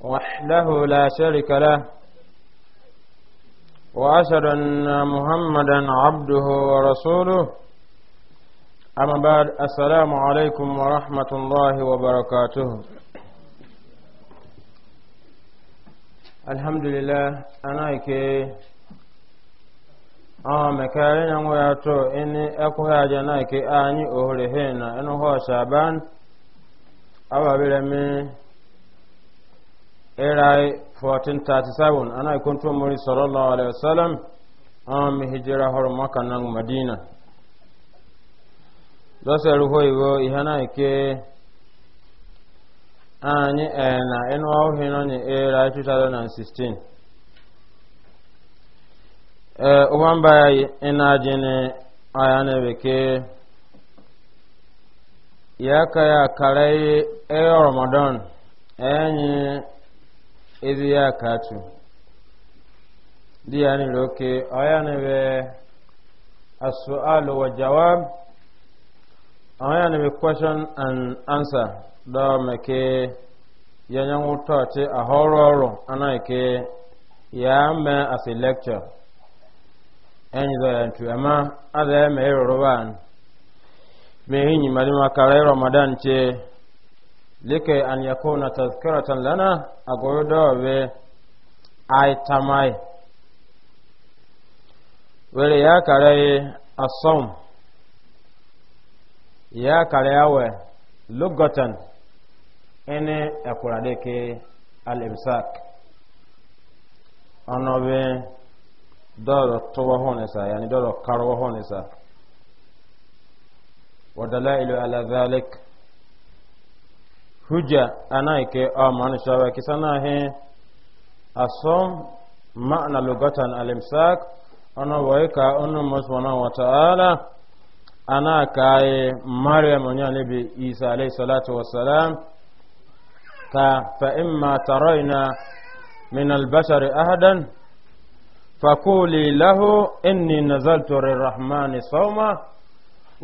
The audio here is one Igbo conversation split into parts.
وحده لا شريك له وأشهد أن محمدا عبده ورسوله أما بعد السلام عليكم ورحمة الله وبركاته الحمد لله أنا كي أما مكارين وياتو إني أكوها جنايكي آني أهلهين إنه هو شعبان أبا بلمي erai 1437 ana ikonto mori sallallahu alaihi wasallam an mi hijira horo maka nan madina lọsẹ ruho iwo ihana ike anyị na enu ọhụrụ na ni era 2016 ee ụwa mba ya ịna-ajị na aya na bekee ya aka ya karịa ee ramadan enyi ezi ya katu di yani loke ayani be as wa jawab ayani be question and answer da meke yanyangu wuta ce a hororo ana ya me as a lecture enyi da yantu amma ada ya me roro ban me hinyi mari makare ramadan ce like ka anya nkuru na-atụkọrịta lena agụrụ dọọ obi aị tamai. Were ya kare a asom. ya kare awo e. Lụgotan na ke ihe alịm saak. Ọnụ obi dọọ dọ tụwa onwe saa, yaa na dọọ ala vaalik. hujja anaike aman shawa kisana he asom maana lugatan alimsak imsak waika onu musbana wa ta'ala ana kai maryam nya nabi isa alayhi salatu wassalam ka fa imma tarayna min al-bashar ahadan فقولي lahu inni nazaltu للرحمن صوما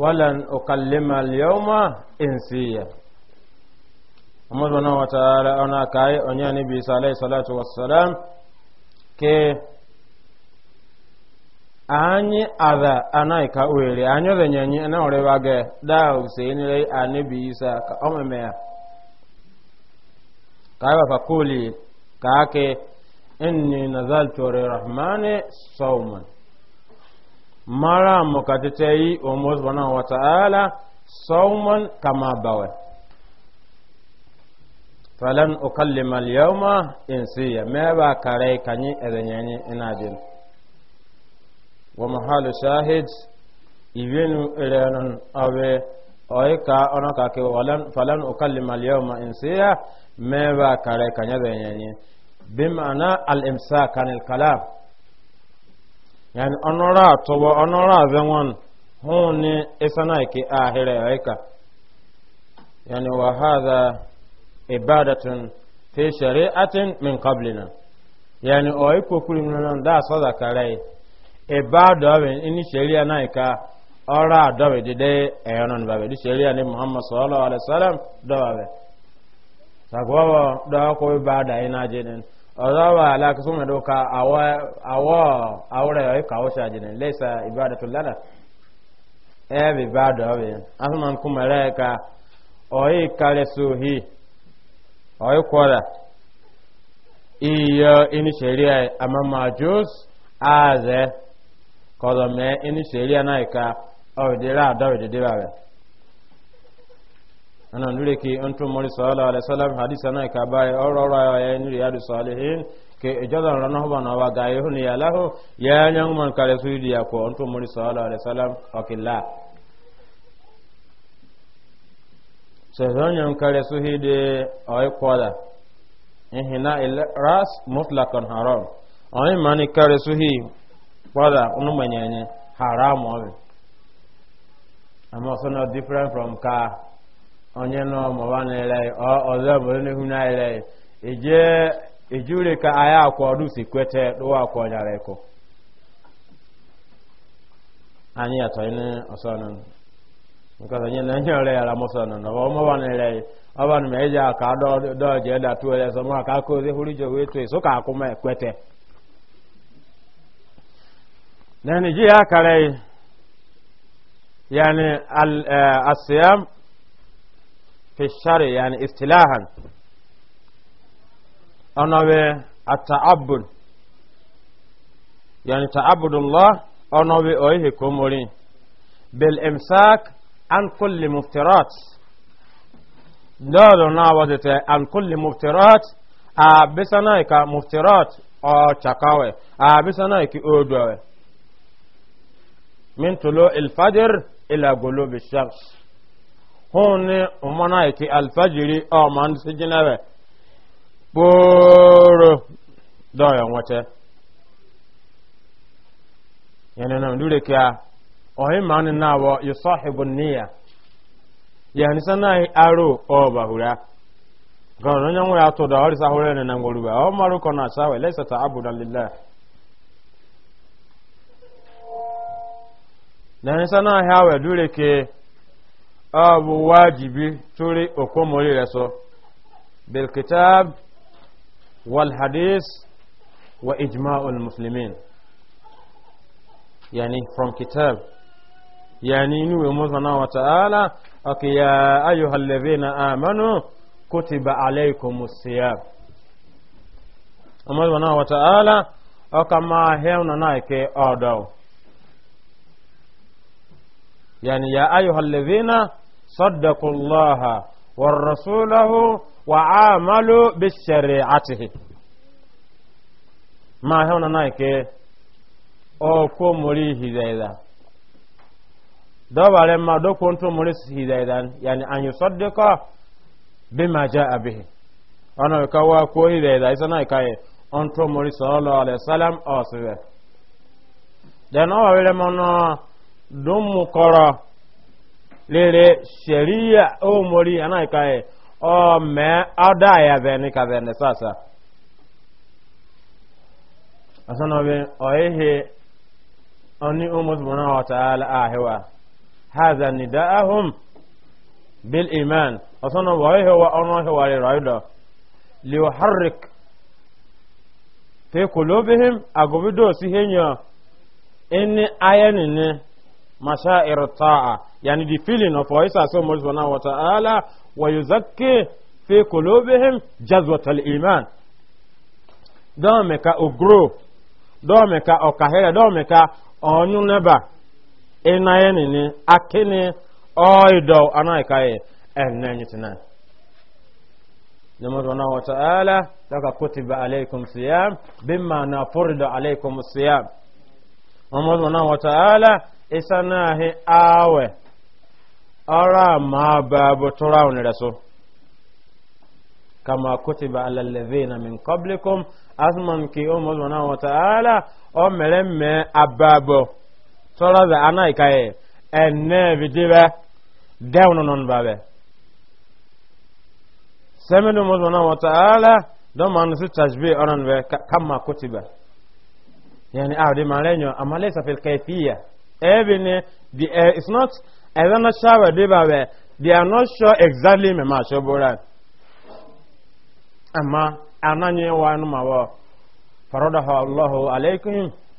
walan ukallima اليوم إنسيا mọ́sánà wàtàrà ọ̀nà káyé ọ̀nyá níbi sàlẹ̀ sàlẹ̀tù wàsàlám ke anyị ada anaghịka ohere anyị ọdịnya anyị anaghịrịwa gị daa ose nire anibi isa ka ọ meme ya ka anyị mara mukatete yi omo subhanahu wa ta'ala sauman kama bawai falan ukallima al-yawma insiya me ba kare kanyi edanyanyi ina jin wa mahalu shahid ibenu irenan awe oika ona ka ke walan falan ukallima al-yawma insiya me ba kare kanyi edanyanyi bimana al-imsak anil kalam yani onora tobo onora venwon huni isana ke ahire oika yani wa hadha ibadatun fi shari'atin min qablina yani o ipo kuri nan da so da kare ibada we ini sharia na ka ora da we de e non ba we sharia ni muhammad sallallahu alaihi wasallam da we sagwa da ko ibada ina jinin ọ̀rọ̀wà aláàkùsùnmọ̀ ló ka àwọ̀ àwọ̀rẹ̀ ìkàwọ̀ ṣàjìnà lẹ́sà ìbádàtò lára ẹ̀rì bá dọ̀ọ̀rẹ̀ asùnmọ̀ kúmọ̀ rẹ̀ ka ọ̀yí kárẹ̀ sóhìí oyi kwara iyo ini ama majus aze kodo me ini sheria na ka odira adawide dibawe ana nure ki antu mori sallallahu hadisa na ka bai ororo ya ni riyadu salihin ke ijaza rana hoba na ya ya nyang man kare suidi ya ko mori sezonyan kare su hide oi kwada ihina ras mutlakan haram oi mani kare su hi kwada unu manyenye haram obi amma suna different from ka onye no mo wa na ile o ozo bo ni hu na ile ka aya akwa odu si kwete do akwa nyare ko ani atọ ni ọsọ nanu because nye na nyere ya la musa no no mo ba ne le aba ni meja ka do do je da tu ele so ma ka ko ze huri jo we tu ka ku me na ni ji ya kare yani al asiyam fi shari yani istilahan ana we ata'abbud yani ta'abbudullah ana we oyi ko mori bil an kulli muftirat dɔɔdo naa wɔde tɛ an kulli muftirat a bisa naa ka muftirat ɔɔ cakawɛ a bisa naa ki oo dɔwɛ min tulo ilfajir ila golo bi shaks hun ni umana ki alfajiri ɔɔ man si jinabɛ kpooro dɔɔyɛ ŋɔtɛ yɛnɛ na ndure kia ọhịm ma na awọ yusahibu nniya yani sanai aro o bahura gọrọ onye nwere atụ da ọrịsa hụrụ ne na ngworuba ọ marụ kọ na asawa lesa ta abu dalila na nisa na ahịa awa dure ke ọ bụ wajibi turi okomori reso bil kitab wal hadis wa ijma'ul muslimin yani from kitab yani inú ìwé mọ́sánná wa ta'ala ọkì ya ayọ̀hàlẹ́bẹ̀ na àmánú kó ti bá aláìkòmù síyá mọ́sánná wa ta'ala ọkà máa hẹ́wọ̀n náà ike ọ̀dọ̀ yani ya ayọ̀hàlẹ́bẹ̀ na sọ́dọ̀kùnlọ́ha wọ̀rọ̀sọ́lọ́hu wà ámàlú bí ṣẹ̀rẹ̀ àtìhì máa hẹ́wọ̀n náà ike ọkọ̀ mọ́rí ìhìdẹ̀ ìdá dɔbare ma do kontu muri hidaydan yani an yusaddiqa bima jaa bihi ana ka wa ko hidayda isana kai on to muri sallallahu alaihi wasallam asibe dan o wele mono dum mukoro lele sharia o muri ana kai o me ada ya na ka beni sasa asana be o ehe oni umus wa taala هذا نداءهم بالإيمان أصلا وعيه هو أنه رايدا ليحرك في قلوبهم أقبضوا سيهنيا إن آيانين مشاعر الطاعة يعني دي فيلين of voice as Allah subhanahu ويزكي في قلوبهم جذوة الإيمان دومك أقرو دومك أكهر دومك أنو نبا ina yeni ni akini oido anaikaye enne nyitina na. wa ta'ala daga kutiba alaikum siyam ma na furida alaikum siyam Nyamadu wa ta'ala isa nahi awe ara ma babu turawun rasu kama kutiba ala na min qablikum azman ki umma wa ta'ala o meremme ababo sɔrɔ bɛ ana yi ka ye ɛnɛ bi di bɛ dɛw nɔnɔ ba bɛ sɛmɛni mɔzɔnna wɔtɔ ala dɔ maa nusu tajbi ɔnɔn bɛ kama kuti bɛ yani a di maale nyɔ a maale safi kaifiya ɛbi ni di ɛ it's not ɛbɛ na shawɛ di ba bɛ they are not sure exactly mɛ maa sɔ bɔra amma ananye wa numa wɔ faradahu allahu alaykum.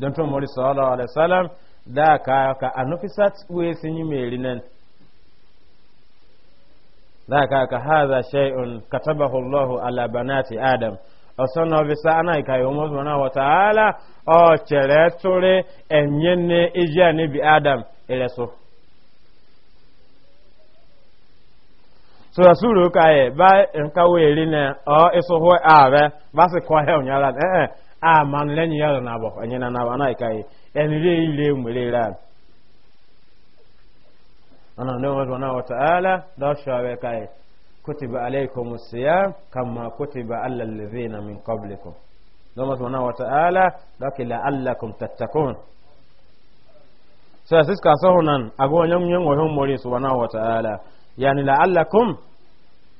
don tun mori sallallahu alaihi wasallam da ka ka anufisat we sun yi meri nan da ka ka hadha shay'un katabahu Allahu ala banati adam ọsọ́nà ọ̀bísà anáìka ìwọ̀n mọ́sùmọ́nà wọ̀tàálà ọ̀chẹ̀rẹ̀ tóre ẹ̀mí ní ìjẹ́ níbi adam ìrẹsọ. sọ̀rọ̀sọ̀rọ̀ káyẹ̀ bá nǹkan wẹ̀rí náà ọ̀ ìsọ̀hó ààrẹ bá sì kọ́ ẹ̀ ònyàrá ẹ̀ eh, eh a ah, man len yaro na bo nyina na wana kai en re ile mure ra ana ne wa wana wa ta'ala da shawe kai kutiba alaykum siyam kama kutiba alal ladhina min qablikum dama subhanahu wa ta'ala daki la'allakum tattaqun sai siska sahunan agonyan yan wahon mori subhanahu wa ta'ala yani la'allakum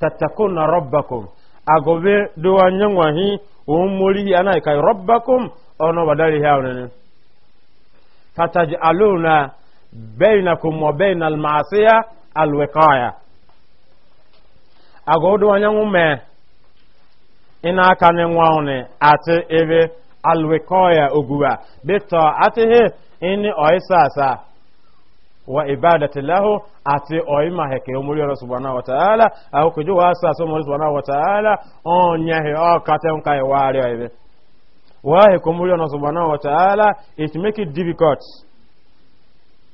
tattaquna rabbakum agobe duwan yan wahi umurihi ana kai rabbakum ono badari hawne fataj'aluna bainakum wa bainal ma'siya ị agodo anyangume ina nwa nwaone ati ebe alwiqaya oguwa beto ati he ini asaa wa ibadati lahu ati oima heke omuri oro subhanahu wa ta'ala au kuju wa asa so omuri subhanahu wa ta'ala onya he o kate on kai wari oibe wa he komuri oro subhanahu wa ta'ala it make it difficult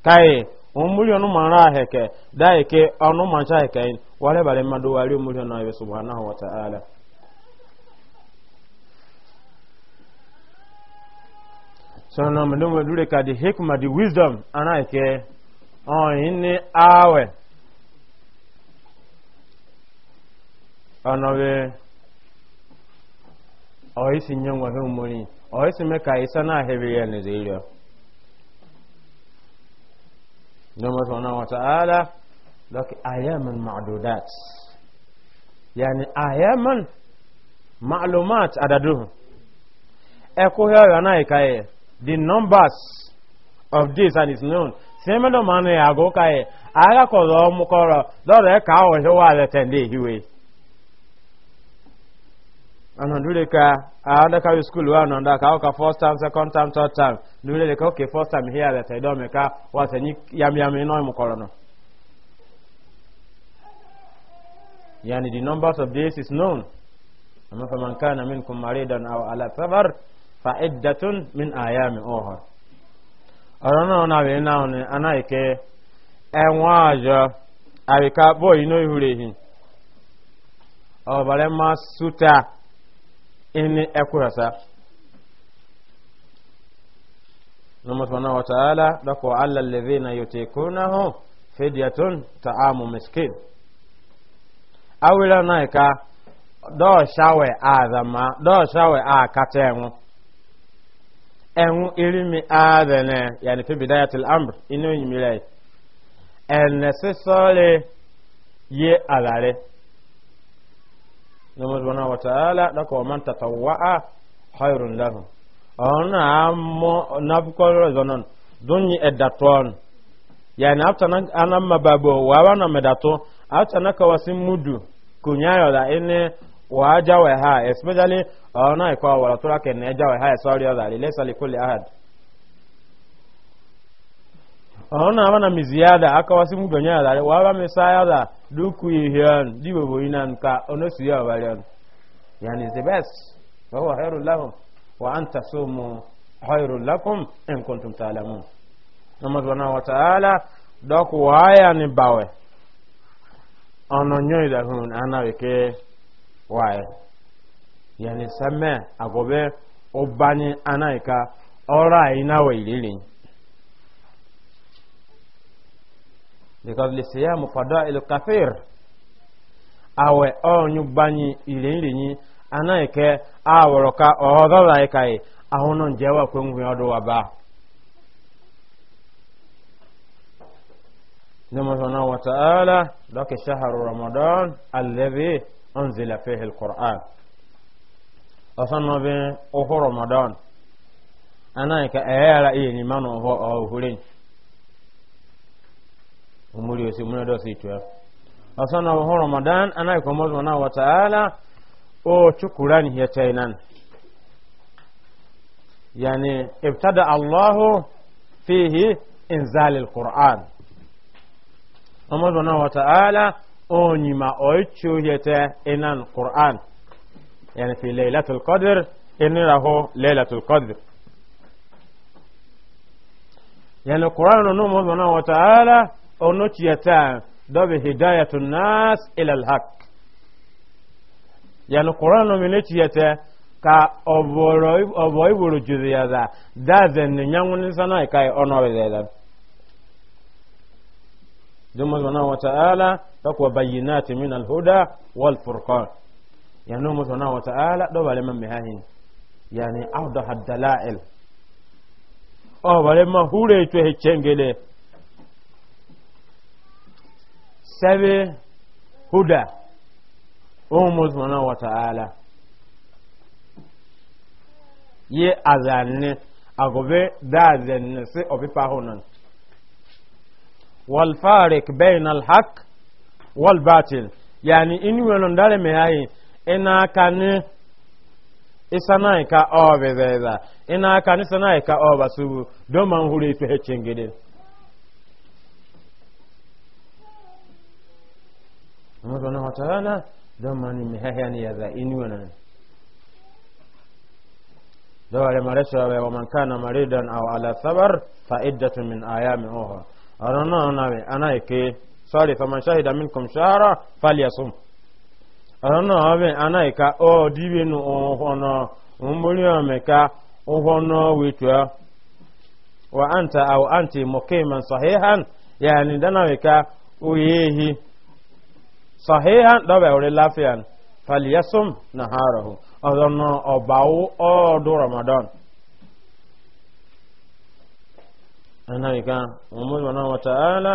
kai omuri onu mara heke da heke onu mancha heke in wale bale madu wari omuri ono oibe subhanahu wa ta'ala so na mdu ka di hikma di wisdom ana heke ọ̀yìnni awẹ̀ ọ̀nàwẹ̀ ọ̀yìsì nye nwọ̀hẹ́ umori mẹ́ka isa náà hebe ya ní zairiya domin sauna ala lọ́kì ayyaman ma'adudat yani ayyaman ma'lumat adadu ẹkọ́ yọ náà ikaye the numbers of this and is known semedo manu ya go kai aga ko do mu ko ro do re he wa le tende hiwe ana school wa no nda ka first time second time third time dule okay first time here that i do me ka wa se yam yam no mu yani the numbers of days is known amma faman kana minkum maridan aw ala safar fa iddatun min ayami ukhra ọ̀rọ̀nà ọ̀nà àwẹ̀ náà ni anáìkẹ́ ẹ̀wọ̀n àjọ àríká bóyí ní ìhúre yìí ọ̀bàrẹ̀ máa súta ní ẹkùrọ̀sá nọmọ̀sánà wàtàálà dọ́kọ̀ alàlẹ́vẹ́ na yote tèkó náà hàn ta àmù miskin awìrẹ̀ náà ìka dọ́ọ̀ṣáwẹ̀ àzàmá a àkàtẹ̀ ẹ̀hún irimi ààbẹ̀nẹ̀ yàní fi bìdáyà tìlẹ̀ àmì inú ìmìlẹ̀ ẹ̀nẹ̀ sísọ́ọ̀lẹ̀ yé àlàrẹ̀ ní mọ̀sùlùmí náà wọ̀tàálà lọ́kọ̀ ọmọ tàtà wá á hàìrùn lẹ́hùn ọ̀hún náà mọ́ náfíkọ́rọ̀ ìzọ́nà dúnyí ẹ̀dàtọ́ọ̀nù yàní àfitànà anamabàbọ̀ wàá wà nà mẹ̀dàtọ́ àfitànà kọwàsí múdù kùnyáyọ̀dà ẹni wa ha especially ona uh, iko wala tura ken ne ha sorry other lesa likuli ahad ona uh, wana miziada aka wasi mu donya dare wa ba misaya da duku yihan dibo boinan ka ono suya the best wa huwa khairul lahum wa anta waya waye yani sɛmɛ agobe o bani ana ika ɔra ayi na wa ilili because lisiya mufada ilu kafir awɛ ɔnyu bani ilili nyi ana ike awɔrɔ ka ɔhɔdɔla ika yi ahono njɛ wa ko ŋun ɔdo wa ba ne mɔsɔnna wa ta'ala dɔkɛ shahar ramadan alɛbi أنزل فيه القرآن أصنع بين أهو رمضان أنا كأيالا إيه لمن أهو أهولين أمولي وسيمون دوسي تويف أصنع أهو رمضان أنا كموز منا وتعالى أو شكران هي تينان يعني ابتدى الله فيه إنزال القرآن أموز منا وتعالى onyima oichuhete inan qur'an yani fi lailatul qadr iniraho lailatul qadr yani qur'an no mo subhanahu wa ta'ala onochiyata dobe hidayatun nas ila alhaq yani qur'an no minechiyata ka oboro obo iburu judiyada dazen nyangun sana kai ono bezeda Dumma subhanahu wa ta'ala takwa bayyinati min alhuda wal furqan yani mu sana wa ta'ala do bale man mihahi yani awdaha dalail o bale ma hure to he chengele sabe huda o mu sana wa ta'ala ye azanne agobe dazen se obi pahonan wal farik bayna haqq wal batil yani inu wenon dare me hayi ina kani isanai ka obe beza ina kani sanai ka oba subu don man hure ife hecin gidin Mutu na wata rana don mani mai haya ne ya za inu wenon dawale maresha wa man kana maridan aw ala sabar fa iddatun min ayamin ukhra arana nawe anaike sọ́ọ̀rì fọmọ ṣáhìdá mi kùn ṣáárọ̀ fàlíyàsùn ọ̀rọ̀ náà ọ̀bẹ̀ anáìka ọ̀ dìbì nù ọ̀nà òmùmúrí ọ̀mẹ̀ka ọ̀họ́nà wìtúọ̀ wà áǹtà àwọ̀ áǹtì mọ̀kéèmà sọ̀híhàn yàní dánáwìka òyèèhì sọ̀híhàn dọ́bẹ̀ orí láfíàn fàlíyàsùn nà ha rọ̀ ọ̀rọ̀ náà ọ̀bà ọ̀dọ̀ ramadan anáìka òmùmúrí ọ̀nà wọ̀tàálà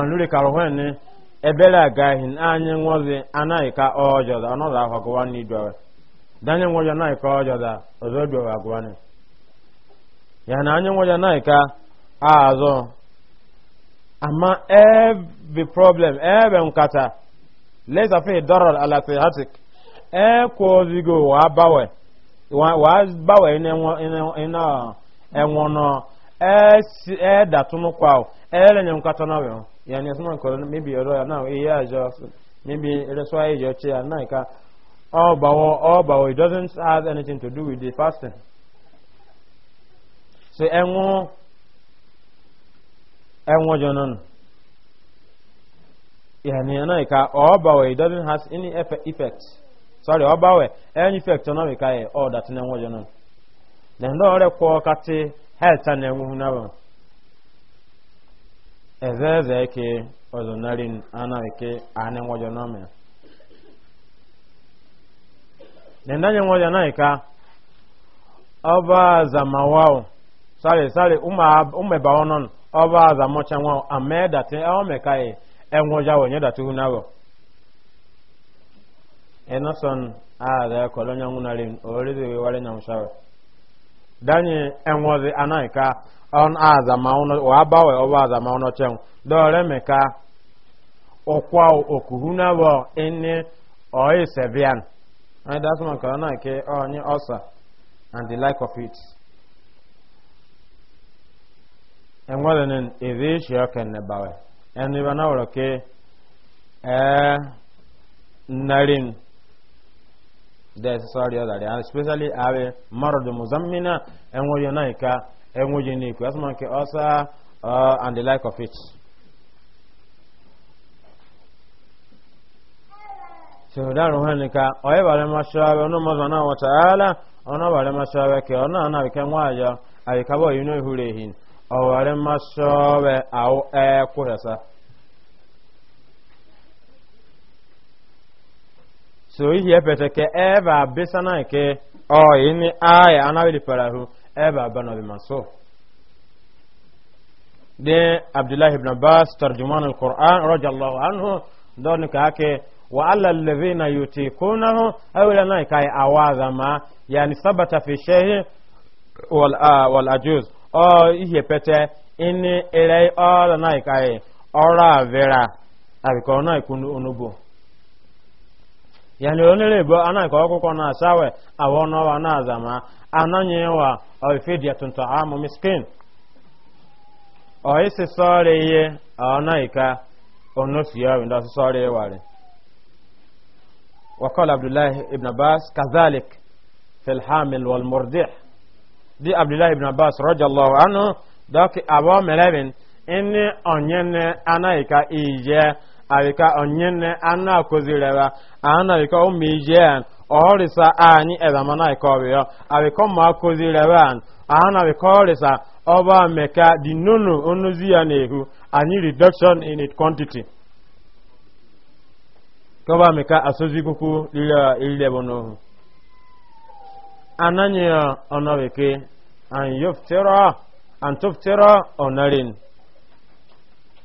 ọnụrị kara hwen ni ebere agaghị anyị nwozi anaghị ka ọjọda ọnọdụ ahụ agụwa n'idọwe danye nwoji anaghị ka ọjọda ọzọ dọwe agụwa ni ya na anyị nwoji anaghị ka azụ ama every problem ebe nkata lesa fi dọrọ alasihatik ekwo ozigo wa bawe wa bawe ina enwono ẹ e e dàtúnú kwa ọ e ẹ lẹyìn nkata náà wẹ̀ wọn. yani asuma kɔrɔ mi bi yɔrɔ yan naa eya azɔ mi bi ɛrɛsɔ ayi yɔ tse na naa ka all bawo all bawo it doesn't have anything to do with the fasting so ɛŋo ɛŋo jɔnɔ no na naa ka all bawo it doesn't have any effect sorry all bawo any effect ɔnɔ mi ka yɛ all that ɛŋo jɔnɔ no then dɔw yɛrɛ kɔ kati health and ɛŋo na bɔ. ezeze ke ozonarin ana ke ane ngojo nome nendanye ngojo naika oba za mawao sale sale uma ume baonon oba za mocha ngwa ameda te ome kai engoja wonye datu nago enoson a kolonya ngunarin orizi wale nyamshawe danye engozi anaika on azamauno wabawe oba azamauno chen dore meka okwa okuhuna wo ene oye sebian and that's man kana ke onye osa and the like of it enwalenen ezi shioken ne bawe eni bana woro ke eh narin there's sorry other especially ave marad muzammina enwo yonaika e enweghị n'ekwu asụma nke ọsa uh, and the like of it sehudanu ha nika oye bare mashawe ono mazana wa ta'ala ono bare mashawe ke ono ana ke nwaja ayi kabo yino hurehin o bare mashawe au ọrụ kuhesa so ihe e pete ke eba bisana ke o ini aya anawili parahu ebe abana bi maso de abdullahi ibn abbas tarjuman alquran radiyallahu anhu don ka ke wa alla alladhina yutikunahu awla na kai awaza ma yani sabata fi shay wal wal ajuz o ihe pete in ere o na kai ora vera abi ko na ikunu onubo yani onere bo ana ka ọkụkọ na asawe awa n'ọwa na azama ananye wa oifidia tuntu amu miskin oisi sọrọ ihe ọna ika ndị ọsịsọ ọrụ ịwarị وقال عبد الله بن عباس كذلك في الحامل والمرضع دي عبد الله بن عباس رضي الله عنه ذاك أبو ملابن إني أنين أنا إيجا abika onyenne anna akozirewa anna abika umijean ọrịsa anyị ezamana ikọbịọ abika ma akozirewa anna abika ọrịsa ọba meka di nono onozi ya na-ehu anyị reduction in it quantity kọba meka asozi kuku ilebo n'ohu ananyị ọnọbeke an yoftero an toftero ọnarin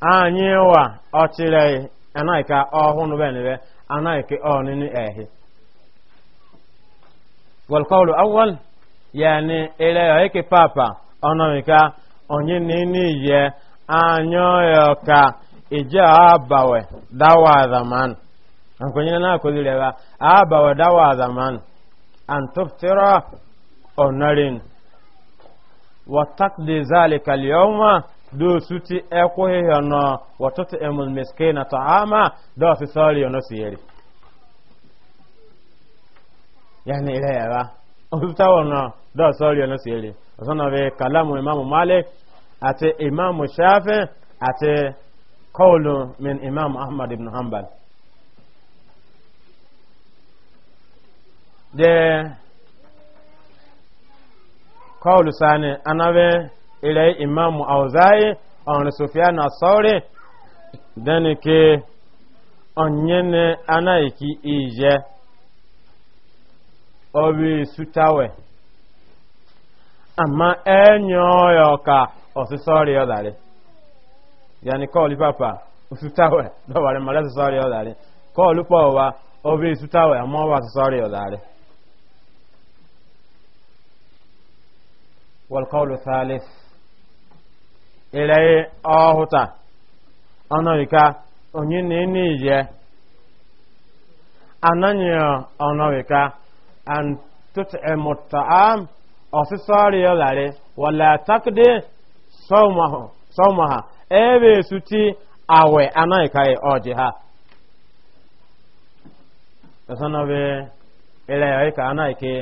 anyị wa ọchịrị anaghịka ọhụrụ benere anaghịka ọnịnị ehi walkọlu awal yani ere ọhịkị papa ọnọmịka onye nini ye anyọyọ ka ije abawe dawa azaman na akwụziri ba abawe dawa azaman antuftira onarin wa takdi zalika do suti ekweghị ya nọ watụtụ emul miske na e ta'ama da wasu sọrọ ya nọsi yeri ya ni ire ya ba ọtụtụ wọn da wasu sọrọ ya nọsi yeri kalamu imamu malik ati imamu shafi ati kọlu min imamu ahmad ibn hanbal de kọlu sani anabe ilẹ̀ imamu auzayi ọ̀rìn sofiana sọ́ọ̀rì dẹ́nike ọ̀nyẹ́nẹ́ anáyìkí ìjẹ́ orí sutawe ama enyo ya yoka osisori yodare yani kọlu papa ositawe dọwari mara osisori yodare kọlu pọwa orí sutawe amma ọwa osisori yodare والقول الثالث ilẹ̀ ọhụta, ọ̀nà ìka onye ní ìyẹ́ anányìí ọ̀nà ìka and tutu ẹ̀mọ̀tà am ọ̀sísọ́ọ̀rì ọ̀làrí wọ̀lá takdé ha ẹ̀ẹ́bẹ̀ èsù tí àwẹ̀ aná ìka yẹ ọ̀jì ha ẹ̀sánà ilẹ̀ ọ̀ìka aná ìke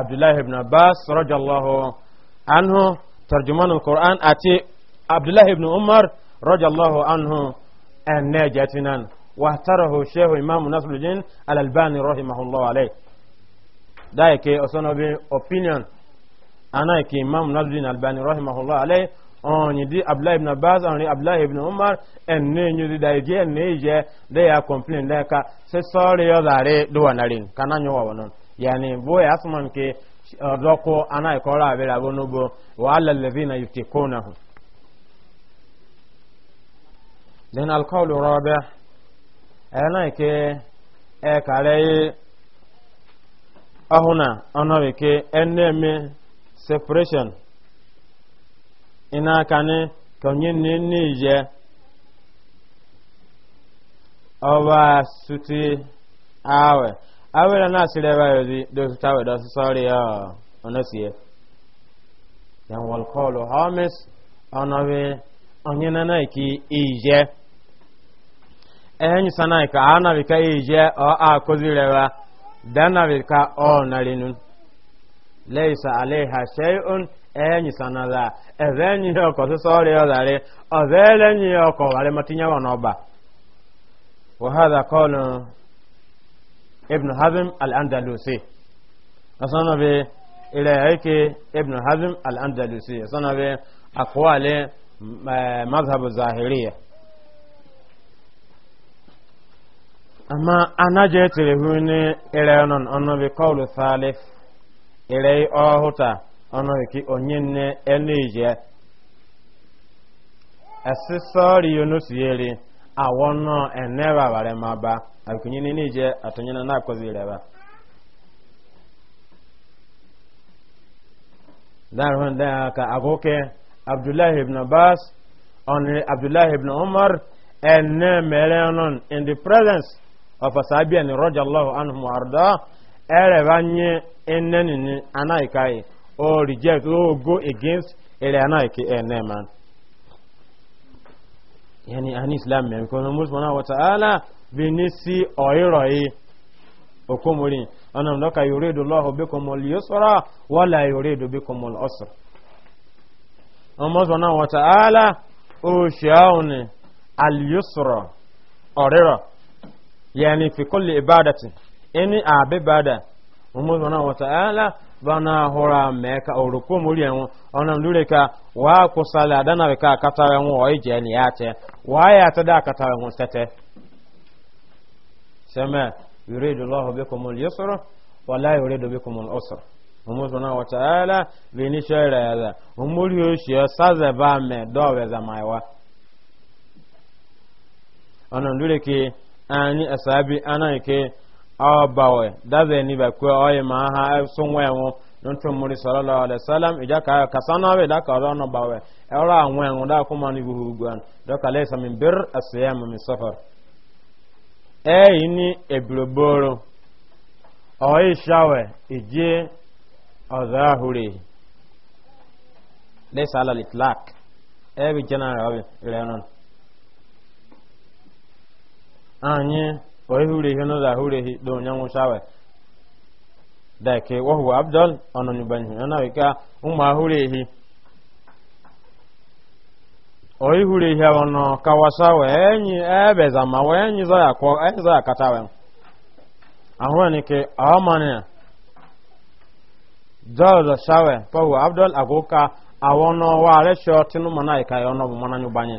abdullahi ibn abbas rọ́jọ́lọ́hù anhu kur'an àti abdullahi ibn umar rajallahu anhu ẹnẹ jẹtinan wàtàràhù shehu imam nasruddin alalbani rahimahullah alayhi dáìkì ọ̀sánàbí opinion anáìkì imam nasruddin alalbani rahimahullah alayhi ọ̀nyìn di abdullahi ibn abbas ọ̀rin abdullahi ibn umar ẹnẹ nyiri dáìjẹ ẹnẹ ìjẹ dẹ́yà complain lẹ́ka ṣe sọ́ọ̀rì ọ̀dàrí dùwọ̀nàrin kanáyọ̀ wọ̀wọ̀nà yẹni bóyá asọ́mọ̀ nke ọ̀dọ́kọ̀ anáìkọ́rọ̀ àbẹ̀rẹ̀ àbọ̀nubọ̀ wàhálà lẹ́bí na yìí ti kó náà then alcohol rọbịa ena ike ekarịghị ọhụụ na ọnọdụ ike eneme separation ina aka ni ka onye nne ije ọba suti awe awere na asịrị ebe ya ozi dozita wee dosi sọrị ya ọnọsie then ọnọdụ onye nana ije enyi sanai ka ana bi ije o a kozirewa dana bi ka o narinu leisa alaiha shay'un enyi sanala ezenyi oko so sori o dare o zelenyi oko wale matinya wa noba wa hadha qawlu ibn hazm al-andalusi asana bi ila yake ibn hazm al-andalusi asana bi aqwali eh, mazhab amma ana je tere hune ire non ono bi qawlu salif ire ohuta ono ki onyenne enije asisori yunusiyeri awono eneba bare maba akunyi ni nije atunyana na kozire ba dar ka ibn ibn in the presence afasabi ani radiyallahu anhum arda ere banye eneni ni anaika yi o reject o go against ere anaika ene man yani ani islam me ko mo subhanahu wa ta'ala binisi oiro yi okomori ana ndoka yuridu allah bikum al yusra wala yuridu bikum al usra ọmọ subhanahu wa ta'ala o ṣe àwọn al yusra ọ̀rẹ́rọ̀ yani fi kulli ibadatin ini abibada umu subhanahu wa ta'ala bana hora meka oruko muri enwo ona ndure ka wa ko dana be ka katare enwo o ije ni ate wa ya ta da katare enwo sete sama yuridu allah bikum al yusra wa la yuridu bikum al usra wa ta'ala ya umuri o shi ba me do we ona anyị asabi ana ke abawe dabe ni ba ko oyi ma ha sun wewo non tun muri sallallahu alaihi wasallam ija ka ka sana be da ka rono bawe era anwe ngun da kuma ni buhu gwan do ka lesa min bir asiyam min safar e ni ebroboro oye shawe ije azahuri lesa ala litlak e bi jana rabi renon anyị oihurehi n'ụzọ ahụrehi do nyanwụ shawa dake wahu abdul ọnọnyubanyi ọnọyika ụmụ ahụrehi oihurehi ọnọ kawasa wee enyi ebeza ma wee nyi zọ ya kwọ anyị zọ ya kata wee ahụ ni ke ọmọnị ya jọzọ shawa pahu abdul agoka awọ n'ọwa arịsịọ tinu mana ika ya ọnọ bụ mana nyubanyi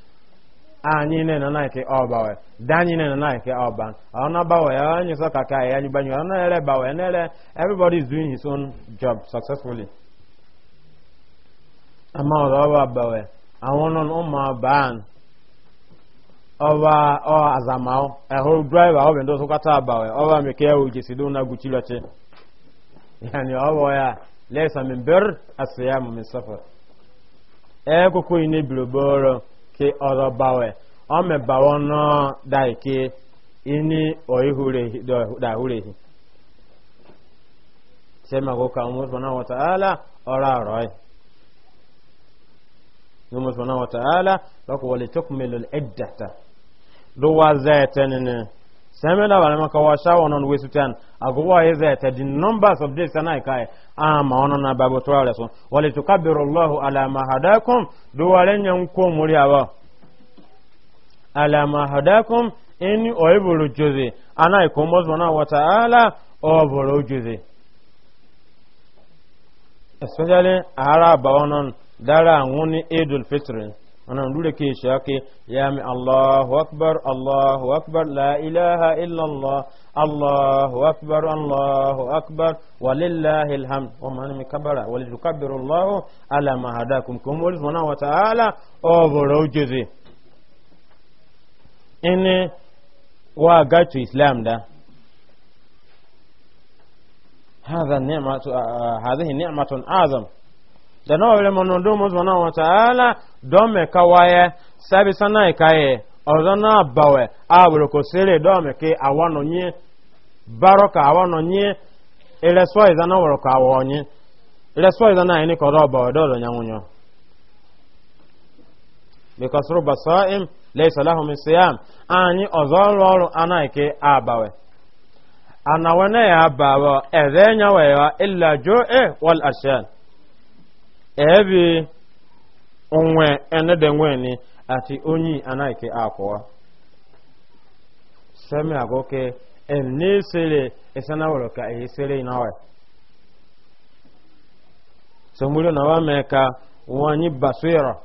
anyị na na ke ọbawe anyị na na ke ọban ọna bawe anyị so kaka ya anyị banyu ọna ere bawe na ere everybody is doing his own job successfully ama ọrụ ọba bawe àwọn nọ n'ụmụ ban ọba ọ azamahụ ẹhụrụ driver ọbịa ndị ọsọkwata abawe ọba meke ya ojesi dị ụna guchi lọchi yani ọba ya lẹsa min bẹrẹ asịya mụ min sọfọ ẹ kókó yìí ní bìrì bọrọ ke ọzọ bawe ọ mebawo nọ daike ini oihurehi dahurehi sai mago ka umu subhanahu wa ta'ala ora roi umu subhanahu wa ta'ala lako wali tukmilu al-iddata duwa zaitani sɛmɛla wale maka wa shawa non wesu tan agwa yeza ta di numbers of days sana kai ma ono na babo to wale wali wale tukabbiru allah ala ma hadakum do wale nyan nko muri aba ala ma hadakum eni oyibulu jose ana ko wata wa taala obulu jose especially ara ba onon dara nguni idul fitr ana ndure ke shake ya mi allahu akbar allahu akbar la ilaha illa allah allahu akbar allahu akbar walillahi alhamd wa man mi kabara wa litukabbiru allah ala ma hadakum kum wa subhanahu wa ta'ala o boro jeze in wa gatu islam da هذا النعمة هذه نعمة أعظم dana wele mono do mo zona wa taala do me kawaye sabi sana ikaye ozona bawe abro ko sele do me ke awano nye baroka awano nye ele so na woro ka awonye ele so izana ni ko do bawe do do nyamunyo because ruba saim laysa lahu min siyam ani ozoro oro anaike abawe anawana ya bawo ila illa jo'e wal ashan ebe onwe enedenweni ati onyi anaike akwa semi agoke enesele esanawolo ka esele inawe somulio na wameka wanyi baswira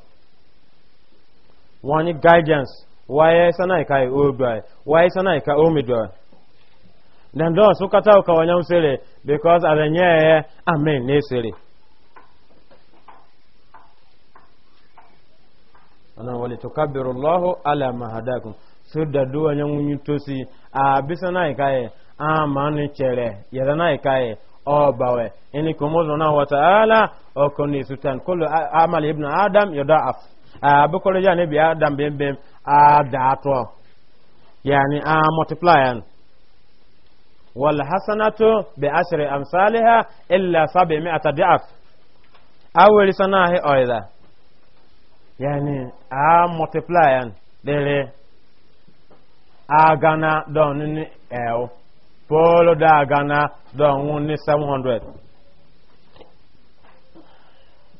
wanyi guidance waye sanaika e obai waye sanaika e omidwa then do sukata ukawanya usele because abenye amen nesele ana wali tukabbiru allah ala ma hadakum sudda duwa nyangunyu tosi a bisana ikaye a manu chere yadana ikaye o bawe ini kumozo na wa ta'ala o koni sutan kullu amal ibn adam yudaf a bukolo ya ne bi adam bembe a dato yani a multiplyan wal hasanatu bi ashri amsalha illa 700 da'af awli sanahi aidha yani a multiplyan dere a gana don ni el polo da gana don ni 700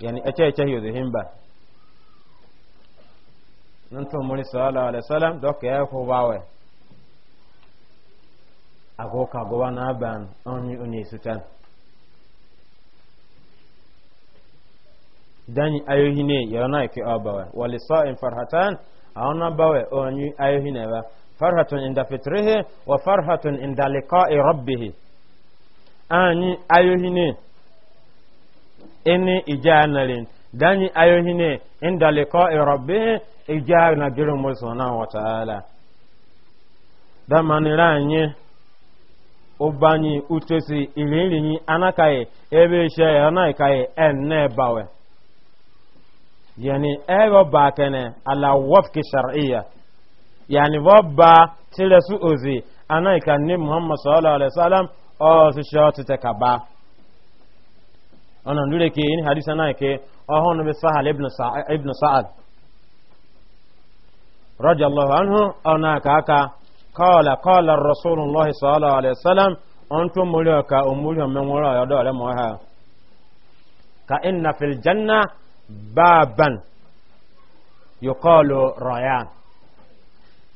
yani ece ece yozu ba nan to muri sallallahu alaihi wasallam do ke ko bawe ago ka go na ban oni oni sutan dan ayohi ne yana ke abawa wali sa'in farhatan a wannan bawa onyi ayohi ne ba farhatun inda fitrihi wa farhatun inda liqa'i rabbih ani ayohi ne ini ijanalin dan ayohi ne inda liqa'i rabbih ijana girin musuna wa ta'ala da maniranye ubanyi utosi ilinrinyi anakaye ebe ishe yana ikaye enne bawe yani ebe eh, ba kene ala wafki shar'iyya yani ba tire su ozi ana ka ni muhammad sallallahu alaihi wasallam o su shoti te ka ba ona ndure ke in hadisa na ke o hono be sahal ibn sa'ad ibn sa'ad radiyallahu anhu ona ka ka qala qala rasulullah sallallahu alaihi wasallam antum mulaka umuri men wora yodo re mo ka inna fil janna بابا يقال ريان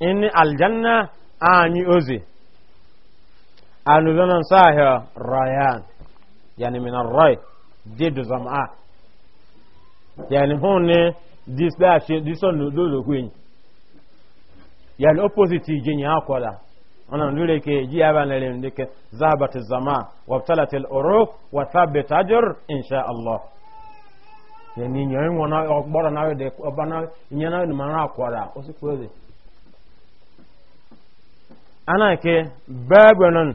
إن الجنة آني أزي أن أنزلنا ساهر ريان يعني من الري جد زمعة يعني هون ديس this dash this one do the يعني opposite جيني هاكولا أنا نقول لك جي أبان لك ذهبت الزمان وابتلت الأروق وثبت أجر إن شاء الله ni nyɛ ŋɔ na ɔgbɔra na de ɔba na nyɛ na nima na akɔra o si kpɛɛ de ana ke bɛɛ bɛ nɔn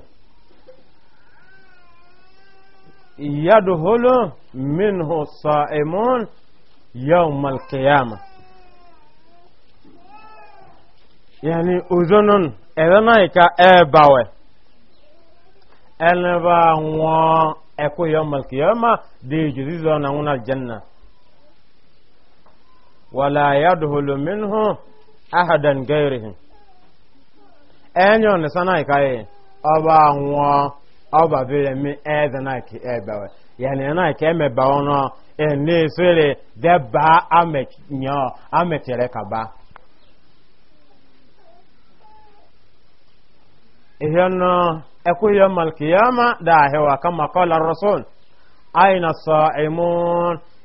yadu holo minhu sa'imun yawm al-qiyamah yani uzunun ɛlɛna ka ɛɛbawɛ ɛlɛba ŋɔ ɛkó yawm al-qiyamah de jiri zɔn na ŋun aljanna Wala eya dhuhuruminu ha aha deng geyirighen e nyowe n'ese na-ahika nwanyi oba ngwo oba eze na ebeo na eki na eba ono na eba ono e na eba onyonyo amecha ire kaba. Enyo nno ekwighi maliki yaama nda ahịa owaakama kola rọsorị aị na soo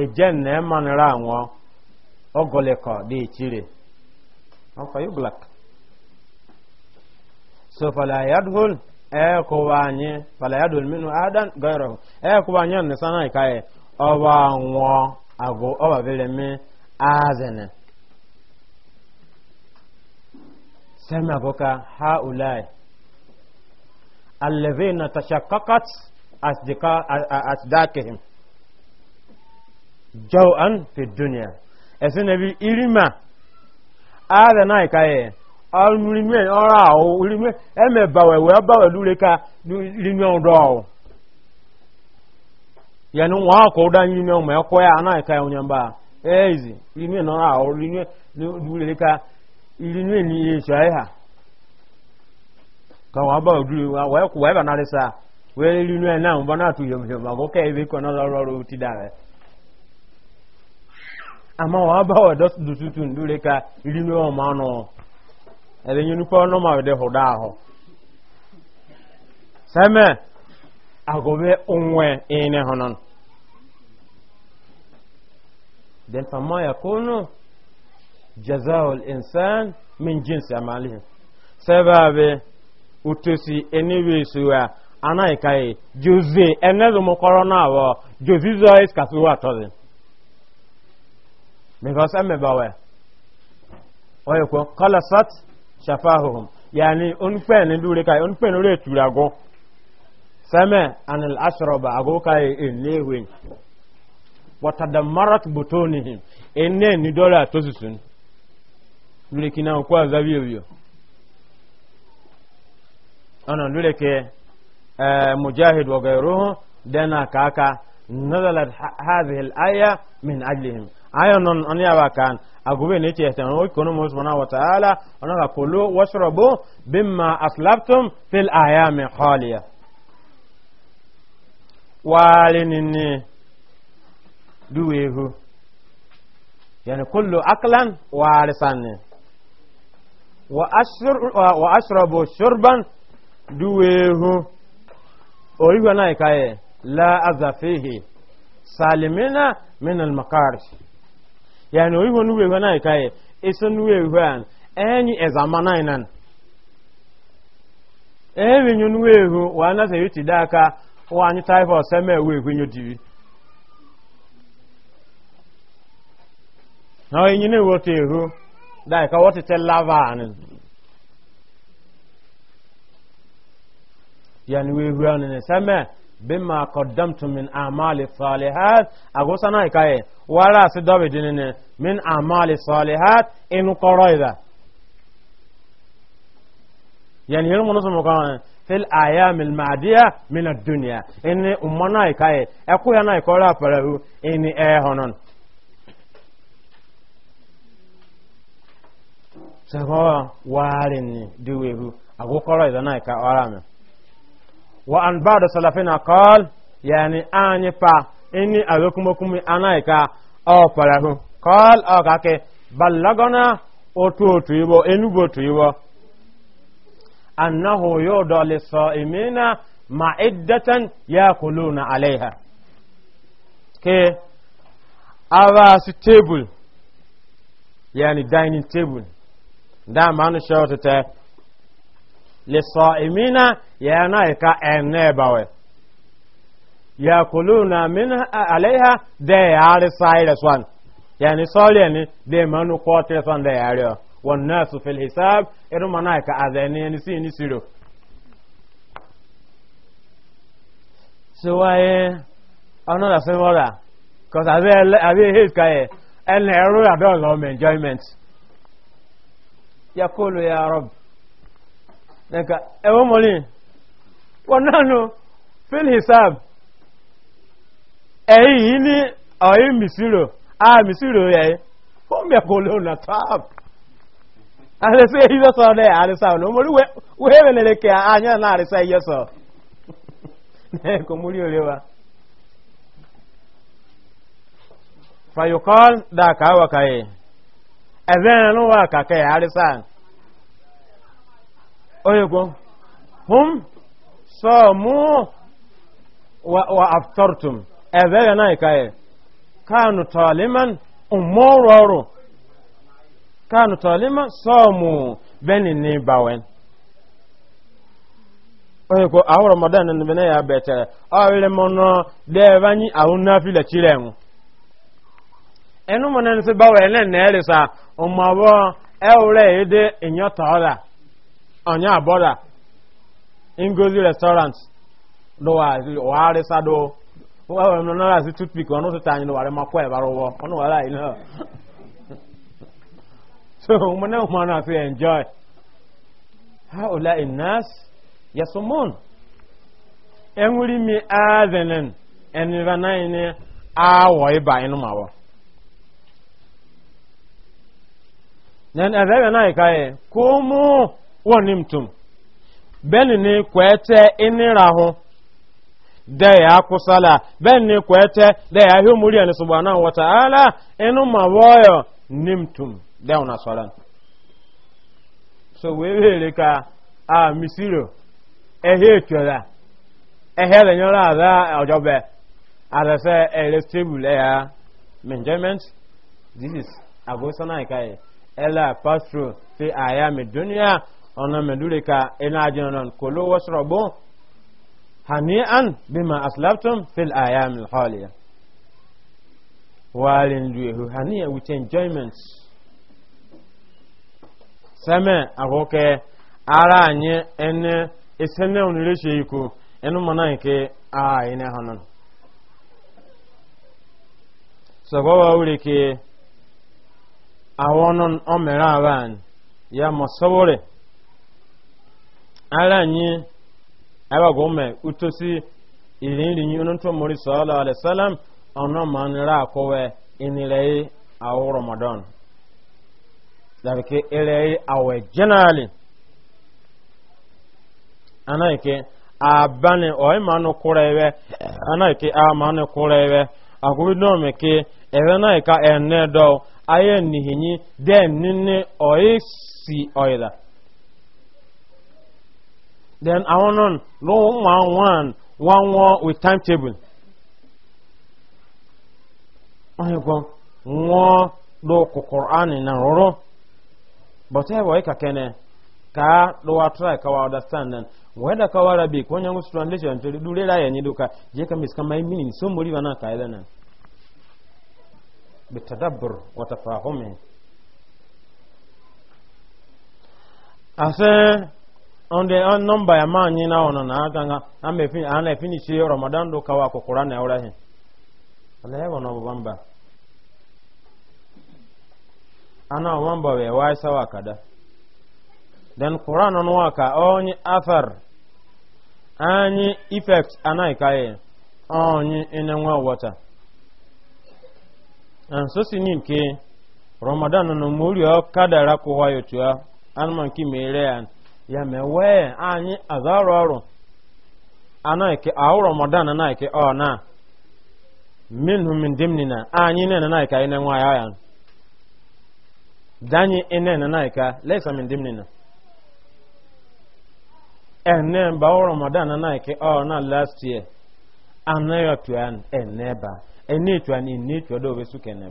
ejen e e na emanara anwụọ ogolekọ dị ichire ọkwa yuglak so falayadhul ekwuwa anyị falayadhul minu adan gairo ekwuwa anyị nisa na ikaye ọba anwụọ agụ ọba birimi azene sema boka ha ulai na تشققت أصدقاء أصداقهم jaw'an fi dunya ẹ̀sìn nàbí irima ààrẹ náà ìka yẹ ọ̀rìnmẹ́ ọ̀rọ̀ àwọ̀ orímẹ́ ẹ̀mẹ̀ bàwẹ̀wẹ̀ bàwẹ̀ lúre ká rímẹ́ ọ̀dọ́ àwọ̀ yẹnu wọn kò dá rímẹ́ ọmọ ẹ̀kọ́ yà náà ìka yẹn bá ẹ̀ẹ́zì rímẹ́ ọ̀rọ̀ onye mba lúre ká náà ama wa ba wa dos du tutu ndure ka rimi o ma no ele nyinu pa no ma de hoda ho seme agobe onwe ene honon den fa ma yakunu jazao al insan min jinsi amalihi sebabe utosi eniwe suwa anaikai jose enezo mokoro na awo josizo Kasuwa tozin because ɛmɛ ba wɛ ɔyɛ kɔ kala sat shafa hohom yaani onukpɛn ni duure ka ye onukpɛn ni ore tura go sɛmɛ anil asɔrɔba ago ka ye enewe watada marat botonihi ene ni dɔla ato susun lure kina ko azabi ewiyo ɔnà lure ke ɛɛ mujahid wagɛruhu dɛna kaka nazalat hadhihi al-aya min ajlihim ayo non oni abakan agube ne tiye tan o kono mo subhanahu wa ta'ala ona ka kulu washrabu bimma aslabtum fil ayami khaliya walinni duwehu yani kullu aklan walisan wa ashr wa ashrabu shurban duwehu oyi wa na la azafihi salimina min al maqarish ya na oyibo nuwe ihu anaghị ka ya eso nuwe ihu a enyi ezama naị nan ebe nyo nuwe ihu wa anasa yuti da aka wa anyị taifọ seme ewe ihu nyo diri na onye na ewote ihu da ka wọtete lava anị ya nuwe ihu anị na seme بما قدمت من أعمال الصالحات أقول كاي ولا سدوا بدينين من أعمال الصالحات إن قرأ يعني يوم نصم في الأيام المادية من الدنيا إن أمنا كاي أكو أنا يقول أفره إن إيهونن سهوا وارن دويبو أقول قرأ إذا نايكا أرامي wa an da salafina kal ya ni anyi pa fa in ni a zokuma kuma ana yi ka a fara hu kal a ka ke ballagona otu otu ibo enu bo otu ibo annahu yo do le so imina ma iddatan ya kuluna alaiha ke awa tebul table yani dining table da manu shawta ta lisaimina yana ka enne bawe yakuluna min alaiha de yari sayre swan yani sole ni de manu kotre swan de yari wan nasu fil hisab iru manaika azani ni si ni siro so waye ana la semora cause abi abi his kai en ero ya do enjoyment yakulu ya rabbi nka ɛwɔ mɔlen wɔn nanu fili hisab Eyi yi ni ɔyi misiro a misiro yɛyi o mɛ kolo na taab alisa yi yɛ sɔrɔ dɛ alisa wɔn mɔli wo he wele le kɛ a nya na alisa yi yɛ sɔrɔ ne ko wa fayokɔ da kaa wa ka ye Eze nu wa ka oyego hum samu wa, wa aftartum ebe na ikaye kanu taliman umororo kanu taliman samu beni ni bawen oyego awo ramadan ni bene ya betere awele mono deba ni awuna file chirenu enu mo na nse bawen na na elisa omawo ewure ede enyo taola onye boda ngozi restaurant lọwa wàhálì sádó wọ́n wọ́n ụwa sí toothpick ọ̀nà tó tààyàn lọ́wọ́ àrẹ́mọ́kọ́ so mo náà mọ́ enjoy ha ọ̀la inas yasomon enwuri mi aazẹ̀lẹ̀n ẹni bá náà ní àwọ̀ ibà inú yẹ kó wanimtum bẹ́ẹ̀ni ni kwẹ́tẹ́ inírahun dẹ́yà akúsálà bẹ́ẹ̀ni ni kwẹ́tẹ́ dẹ́yà ahíomúrí ẹni anan náà wọ́tàálà inú ma wọ́yọ̀ nimtum dẹ́hùn na sọ́rọ̀ so wee rẹ̀ ka a misiro ẹ̀hẹ́ ìtura ẹ̀hẹ́ rẹ̀ yọrọ àdá ọjọ́bẹ̀ àdẹ̀sẹ̀ ẹ̀rẹ́ stable ẹ̀yà management this is ona medure ka ina jinon kulu wasrabu hani'an bima aslaftum fil ayam al haliya walin duhu hani'a with enjoyments same agoke ara anyi ene isene onire se enu mana nke a ina hanan sabawa wuri ke awonon omera aban ya masawore ara anyị abago me utosi ilin rinyi onun to mori sallallahu alaihi wasallam ono man ra ko we inilei awu ramadan dabike ilei awe generally anaike abani oy manu kurewe anaike a manu kurewe agobi no me ke ewe naika enne do ayen nihinyi den nini oyi si oyila then àwọn náà no wọn wọn wọn wọn with timetable wọn yẹ kọ wọn ló kòkòrò ànì náà but ẹ wọ ka kàkẹ́ ka ká try ká understand nẹ be kwa ká translation tó dúró rẹ̀ yẹn ní dùkà jẹ́ ká mìsíkà máa ń mìíràn sọ na bitadabur onde on nomba ya manyi na ono na aganga ame fin ana e finish yo ramadan do kawa ko qur'an na ora he ala he wono bamba ana wamba we wa sawa kada dan qur'an on waka onyi afar anyi effect ana ikaye e onyi enenwa wata an so si ke ramadan no muri o kadara ko hoyo tua an man ki mere an ya mee wee anyị azụ arụ ọrụ anaghịkị ahụ ramadan anaghịkị ọ na minhum min dimnina anyị nene naika ine nwa ya ya danyi ine na naika laysa min dimnina ene ba o ramadan naika ọ na last year anayo tuan ene ba ene tuan ene tuan do we suke ne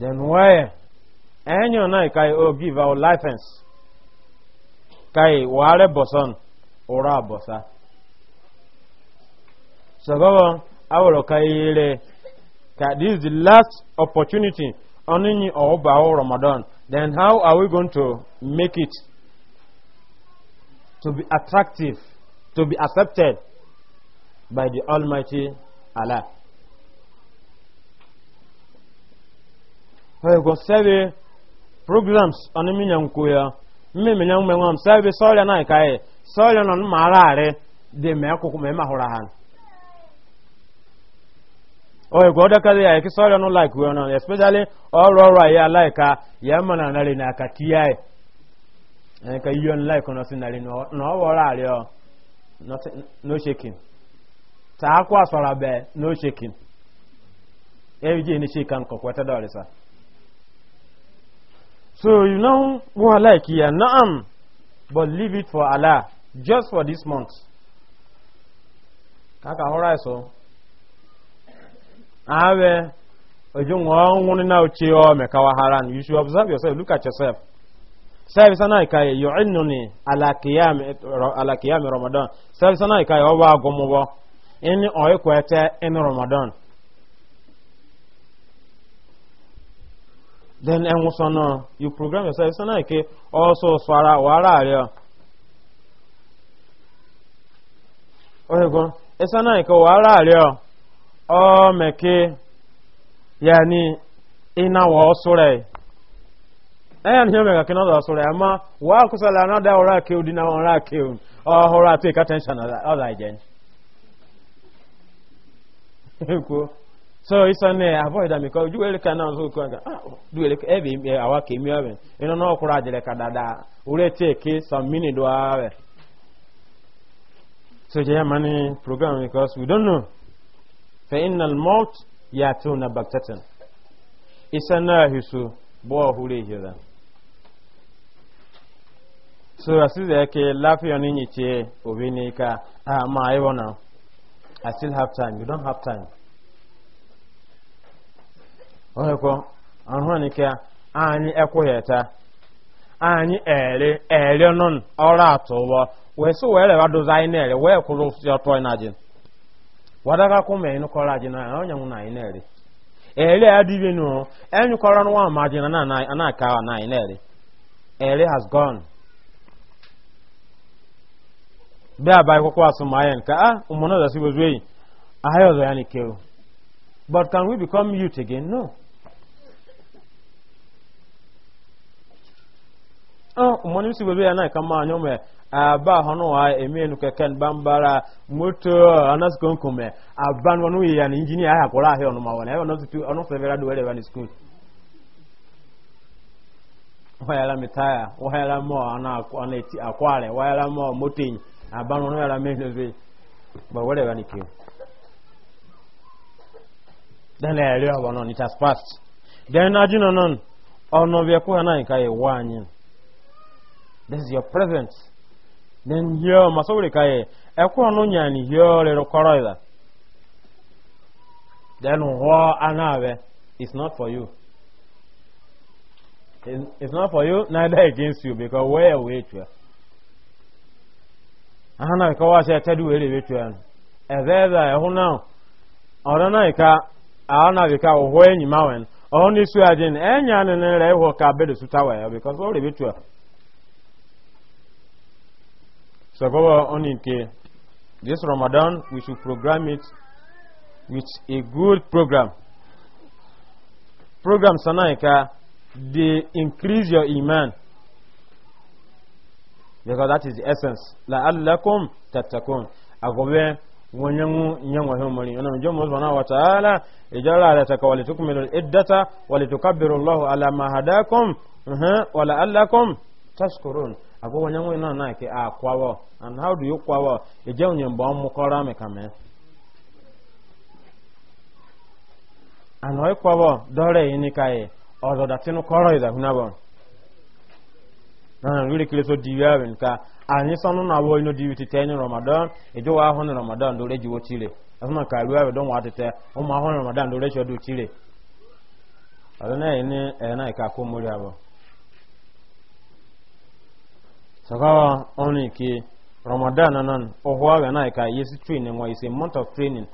then why enyo na kai o oh, give our license kai ware boson ora bosa sababu awro kai ile ka this is the last opportunity only oba o ramadan then how are we going to make it to be attractive to be accepted by the almighty allah Hey, go save programs ɔne mi nyɛ nkoya mme mi nyɛ ŋmɛ ọrịa sɔɔlɛ náà ka yɛ sɔɔlɛ nɔ no maa arị dị mɛ koko mɛ ma hora han ɔyɛ gɔɔ dɛ kari ya ki especially ọrụ ọrụ ka ya ma na nari na ka tia yɛ si no shaking no shaking So you know what I like here, Naam, but leave it for Allah, just for this month. Kaka hora so. Awe, you should observe yourself, look at yourself. Service ana ikaye yu'innuni ala qiyam ala qiyam Ramadan. Service ana ikaye owa gomobo. Ini oyekwete in Ramadan. then ẹ̀hún sọ̀nà you program yourself sọ̀nà ìké ọ̀ṣọ́ sọ̀ra wàhálà rẹ̀ ọ̀hẹ̀gùn ẹ̀sọ̀nà ìké wàhálà rẹ̀ ọ̀mẹ̀kẹ́ yàní iná wọ̀ ọ̀ṣọ́rẹ̀ ẹ̀yà ni ọ̀mẹ̀kẹ́ kí náà lọ ọ̀ṣọ́rẹ̀ àmọ́ wà á kúsọ̀ lànà ọ̀rá kéwù dínà ọ̀rá kéwù ọ̀họ̀rọ̀ àti ìkàtẹ́ńṣàn so iso ne avoid am because juwele ka na so kwanga ah duwele ka ebi awa ke mi awen ino no okura ajele ka dada ure take some minute do awe so je mani program because we don't know fa innal maut yatuna baktatan isana hisu bo hure hira so asize ke lafi ni nyiche obini ka ah ma i wanna i still have time you don't have time ọhụrụ ahụhụ nke anyị ekwughịta anyị ere ere nọ ọrụ atụ ụgbọ wee sị wee rewa dozi anyị na-ere wee kwụrụ si ọtọ na ji wadaka kwụ ma ịnụkọrọ ji na onye na anyị na-ere ere adịghị nụ enyụkọrọ nwa ma ji na na-aka na anyị na-ere ere has gone bịa abaghị akwụkwọ asụmaghị nke a ụmụnna zasi wezuo eyi ahịa ọzọ ya na ikewu but can we become youth again no Ah, mɔni si bɛ bɛ yan n'a ye kama a ɲɔmɛ a ba hɔnɔ emi yɛ nukɛ kɛn banbara moto ana sikon kunbɛ a ah, ban n'u ye yan injini a y'a kɔrɔ a yɛ ɔnuma wɔn ɛyɛ ɔnɔ tutu ɔnɔ fɛn fɛn dɔwɛrɛ de bɛ ni sikun mi taya mɔ ana ana ti a kɔ a rɛ mɔ moto in aba ban n'u yɛrɛ mi fɛn fɛn na this is your presence then here masawure kaye ekwo no nyani here le rokoroida then ho anawe it's not for you it's not for you neither against you because where we to ahana ka wa say tadu we we to an ezeza ehu na orona ka ana we ka ho enyi mawen oni su ajin enya ne ne re ho ka be de sutawa because we we sabawa oninke this ramadan we should program it with a good program program sanaika they increase your iman because that is the essence La la'allakum tattakun agobe wanyangu nyangwa humuri ona mjomo subhanahu wa ta'ala ijala alataka walitukumilu al-iddata walitukabbiru Allahu ala mahadakum hadakum uh -huh, wa la'allakum tashkurun akwọ onye onwe na na ke a ah, kwawo and how do you kwawo eje onye mgbe ọ mụkọrọ amị ka mee anọ ịkwawo dọrọ eyi ọzọ datinu kọrọ ịza hunabọ nana lórí kiri so diwi awin nka anyi sọnù na awọ inú diwi titẹ ní ramadan ìjọ ní ramadan lórí náà dọ́n wà ọmọ ramadan lórí náà yìí ní ẹ̀ náà ìka kó mórí abọ́. sagawa only ki ramadan nan ohwa ga na ka yesi training wa is a month of training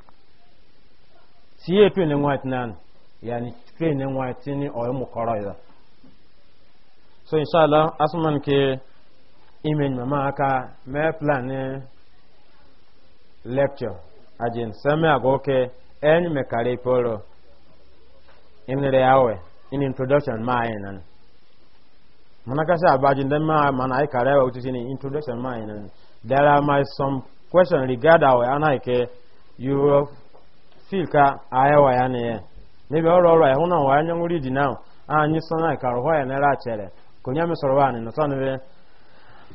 siye training wa nan yani training wa tini o mu koroida so inshallah asman ke imen mama aka me plan lecture ajin same agoke en me kare poro in re awe in introduction ma nan Manakasi Abaji, then my man, I carry out in the introduction mine. And there are my some question regarding our anike. You feel ka ayawa yane. Maybe all right, who know why I'm reading now. And you son like our why and a ratchet. Kunyami Sorwan, and son of it.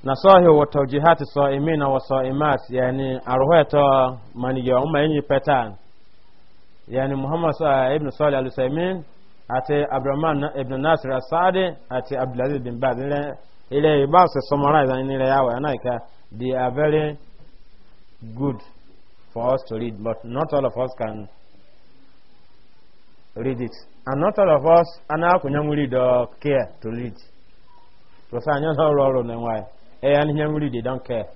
nasahi wa taujihati saimina wa saimat yani arweta mani ya ma yenye petan yani muhammad ibn salih al-usaimin ati abdulrahman ibn nasir asadi ati abdulaziz bin baz ilẹ ilẹ ibaz summarize ni ilẹ yawo ana ika they are very good for us to read but not all of us can read it and not all of us ana akunyanwuri do care to read to say anya na ọrụ ọrụ na nwa eya nyanwuri they don't care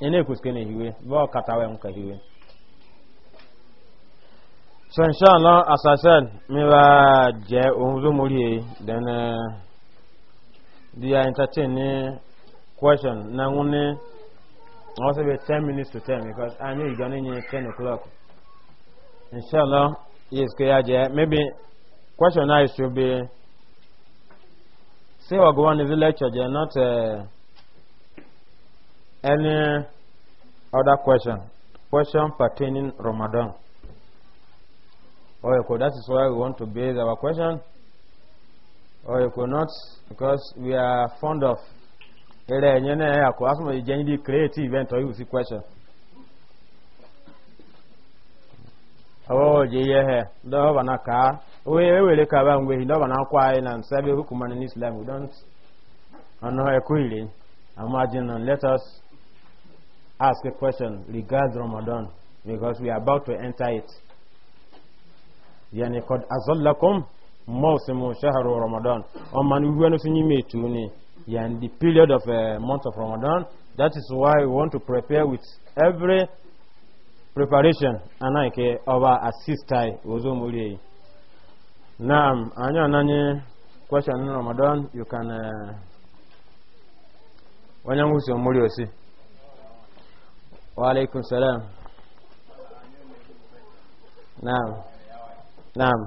ene kuskene hiwe bọ katawe nka hiwe so inshallah as i said mi wa jẹ ohun tó mórí e then uh, di a entertain ni question na ń ní wọ́n sọ pé ten minutes to ten because i know ìgbà ní yẹn ten o'clock inshallah yes kò yá jẹ maybe question náà should be say wọ́n go on the lecture jẹ not uh, any other question question pertaining ramadan. Oyoko, that is why we want to base our question. Oyoko, not because we are fond of. Ere enyene ya generally creative event or use question. see je ye he do ba na ka we wele ka ba ngwe do ba na kwa ai na sabe hukuma Islam we don't ano e ko ile let us ask a question regarding Ramadan because we are about to enter it. yani kod azallakum mawsimu shahru ramadan on man wenu sinyi ni yani the period of a eh, month of ramadan that is why we want to prepare with every preparation anaike over assistai ozo muri naam anya nanye question in ramadan you can uh, eh, wanyangu sio muri osi wa alaikum salam naam Naam.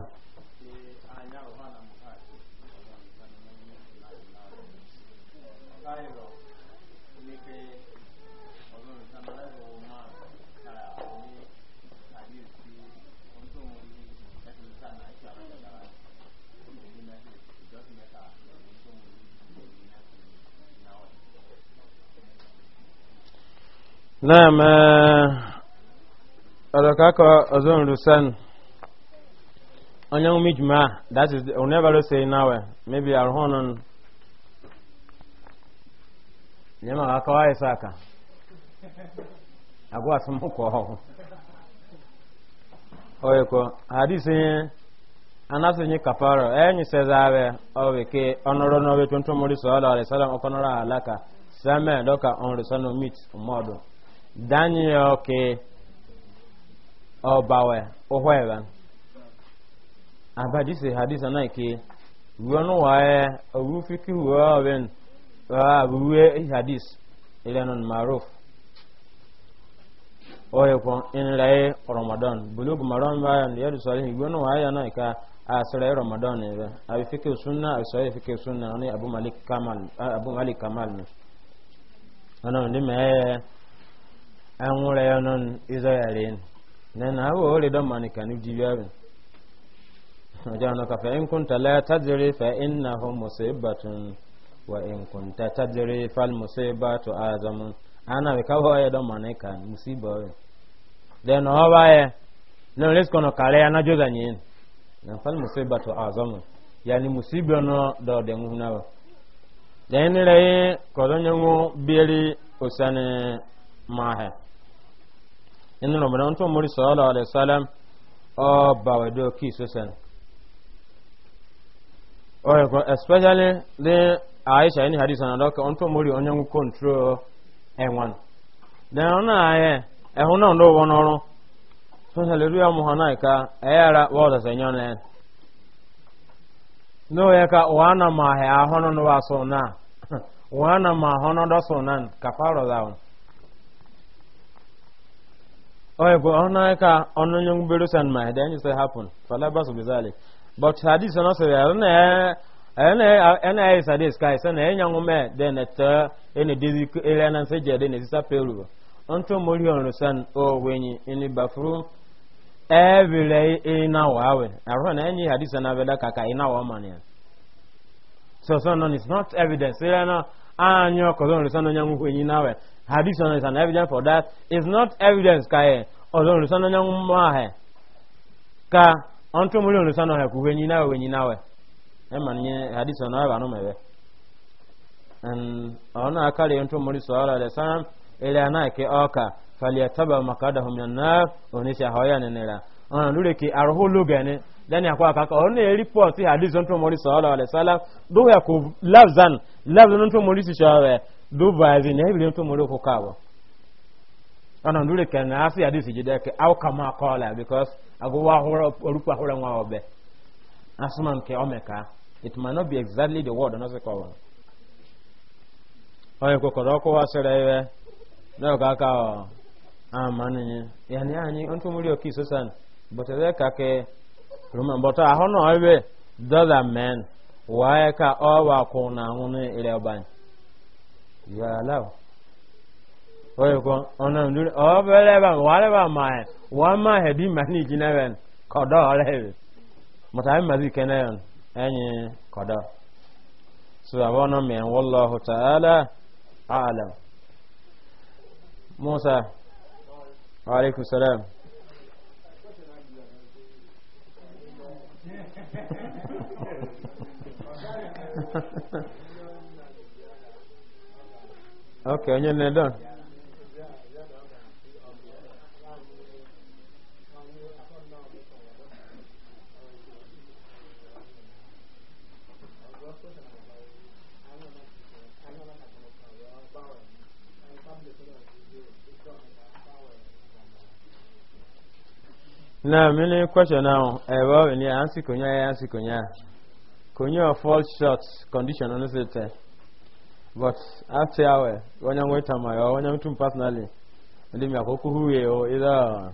Naam, alakaka ozon rusan. Anyang mijma, that is, the, never say now, maybe our honon. Nyama akawai saka. Agwa sumu kwa Oye ko, hadisi yin, anasi nyi kaparo, e nyi sezawe, owe ke, onoro nowe tuntu muri sala ala salam okonora alaka same doka onri sano mit umodo. Danyi daniel ke, obawe, uhwewe. abadisi hadisa na ke ruwan waye abu fiki ruwan ruwe hadis ilanin maruf oye kun in raye ramadan bulug maron bayan yadda salihin ruwan waye na ka a e ramadan ne ba abu e fiki sunna a e sai fiki sunna ne abu malik kamal abu malik kamal ne wannan ne me an wura yanon izo yare ne na hawo don manika ni jibiyabin سبحانك فإن كنت لا تدري فإنه مصيبة وإن كنت تدري فالمصيبة أعظم أنا بكاو يا دمانك مصيبة لأن هو لأن ليس كنا كالي أنا جوزانين فالمصيبة أعظم يعني مصيبة دو دمونا لأن لأي كذن يمو بيلي أسان ماهي إن ربنا أنتم مرسول عليه السلام أبا ودو كيسوسن oye especially dị aisha ini hadith na doka onto mori onyangu control enwan then ona aye ehun na ndo won orun so hallelujah muhana ka ayara wa da senyone no ye ka wana ma he ahono no waso na wana ma hono do so nan ka faro dawo oye ko ona ka ononyangu berusan ma he then you say happen fala basu bizalik but hadith na so ya na ana ana is hadith kai sana enya ngume then at uh, ene dizi ele na say je then sisa pelu onto mori onro san o oh, wenyi ini bafru every ina wawe aron enyi hadith na veda kaka ina wa mania so so no it's not evidence say na anyo ah, ko onro san onyangu wenyi nawe eh. hadith na is an evidence for that is not evidence kai onro san onyangu ma he eh. ka anto muri onu sana ha kuwe nyina we nyina we e man nye hadisi ona ba no mebe an ona akale anto muri sallallahu alaihi wasallam ile ana ke oka falyataba makadahu minan nar onisha hoya nenera ona lure ki arho lugane dani akwa kaka ona e report hadisi anto muri sallallahu alaihi wasallam do ya ku lafzan lafzan anto muri si shawe do bazi ne bi anto muri ko kawo ona lure ke na asi hadisi jidake au kama qala because agowa ahụrụ orukwu ahụrụ nwa ọbịa asụma nke omeka it might not be exactly the word ọnọsị kọwara onye kwekọrọ ọkụ wasịrị ihe n'oge aka ọ amanụnye ya na anyị ntụ mmiri oke isosan bụtara e ka ke roman bọta ahụ na ọrụ dọla men wee ka ọ kwụ na anwụ ire ọbanye ya ala onye kwọ ọ na-ere ebe a ma ya. wa ma hedi mani jina ben kodo lewe mata mazi zi kenayon enyi kodo so abono me wallahu ta'ala alam Musa wa alaikum salam okay onye ne don na mini question now ẹ̀rọ ọ̀rìn ni à answer sì kònyà fall short condition on but after hour wọ́n yàn wọ́n my or wọ́n yàn too personally ndí mi àkókò húwe o or either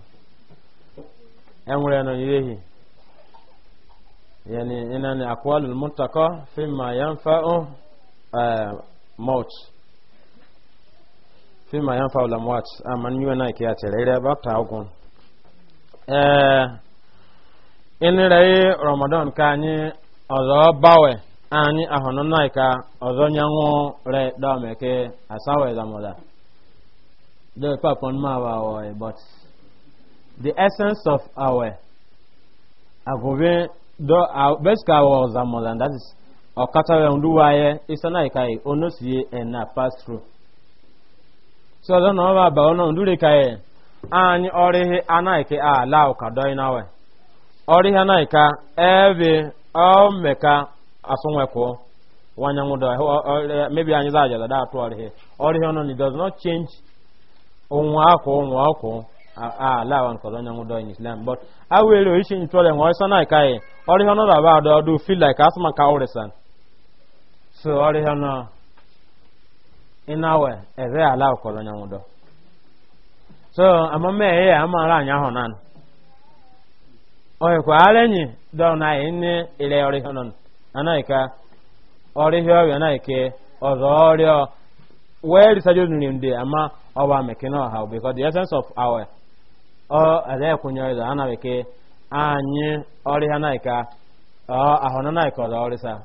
ẹ̀nà yìí hì yẹni iná ni àkọọ́lù mọ́tàkọ́ fi mà yàn fa ọ́ mọ́t fi mà yàn fa ọ̀làmọ́t àmà ní yóò náà ta ịnịrị eh, ramadan ka anyị ọzọ gbanwe anyị ahụnụ nai ka ọzọ nyanwụ re dọmeke asawe zamoda do papon ma wa oy but the essence of our agụbe do beska wa zamoda that is ọkata wa ndu wa ye isana kai onosie and pass through so ọzọ na ọba ba ọnọ ndu anyị ọrịghị anaghịkị ala ụka dọị nawe ọrịghị anaghịka ebe ọ meka asụnwekwụ wanyanwụ dọị e, mebi anyị za ajala daa atụ ọrịghị ọrịghị ni does not change onwe akwụ onwe ọkwụ ala ụka nkọrọ onyanwụ dọị in islam but awere oishi ntụọrọ enwe ọsọ naịka ya ọrịghị ọnụ raba adọ ọdụ feel like asụma ka ọrịsan so ọrịghị ọnụ ịnawe eze ala ụkọrọ onyanwụ dọị so ama mee ya amaara anyị ahụ nan oyi kwaara anyị na anyị nne ile ọrịa nọ ọrịa ọzọ ọrịa wee risajo nri ndị ama ọwa mekina ọha because the essence of our ọ ada ekwunyere ịzọ anyị ọrịa anaghị ọ ahụ na ka ọzọ ọrịa saa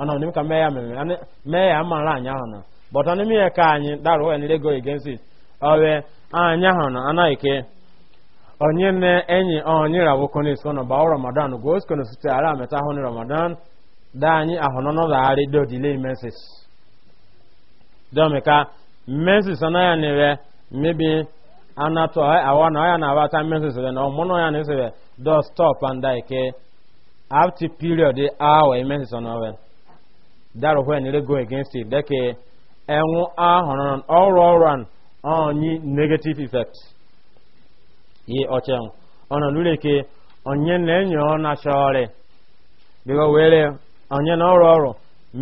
ọnụ ka mee ya mere mee ya amaara anyị ka anyị darụ nile go ọwe anya ha na ana ike onye me enyi onye rabụkon isono bawo ramadan goskon site ala ameta hụ ramadan da anyị ahụ na ahụnọnọ lagharị do delay message domika message ọnọ ya na nere mebi anatọ awa na ọya na-abata message na ọmụnọ ya na esere do stop and ike after period hour message ọnọ ọwe darụhụ ya na nere go against it deke enwu ahụrụ ọrụ ọrụ anụ onye negative effect yi ọchịa ọnọ nure ke onye na-enye ọ na shọrị bịa were onye na ọrụ ọrụ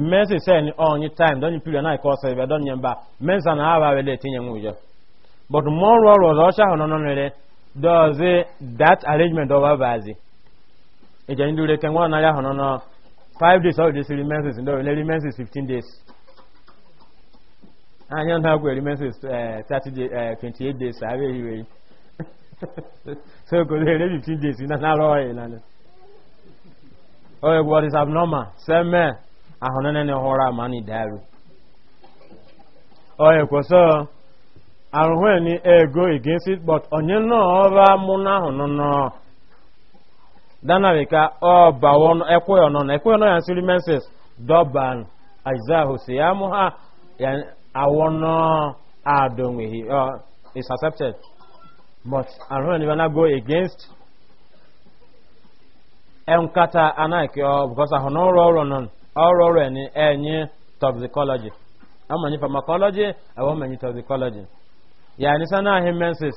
mmesi sen onye time donye period na ike ọsọ ebe donye mba mensa na aba wele etinye nwa but mụ ọrụ ọrụ ọzọ ọcha ahụ nọ nere dozi that arrangement ọba abazi. ejenye ndị ure ke nwa ọnarị ahụ nọ 5 days ọ dị siri mensis ndị ọrụ 15 days anya na agwa erimensi eh, saturday 28 eh, days abịa so go 15 days na naro oil na oil oh, what is abnormal seme ahonene ne hora mani daru oil oye so arụhụ ni oh, ego against it but onye nọ ọba n'ahụ nọ nọ danabika ọba wọn ekwe ọnọ na ekwe ọnọ ya menses ha awono adonwehi uh, is accepted but arun ni wana go against enkata anaike or uh, because ahụ n'ọrụ ọrụ nọ ọrụ ọrụ ẹni ẹnyi toxicology amanyi pharmacology awọ manyi toxicology yani sana ahim menses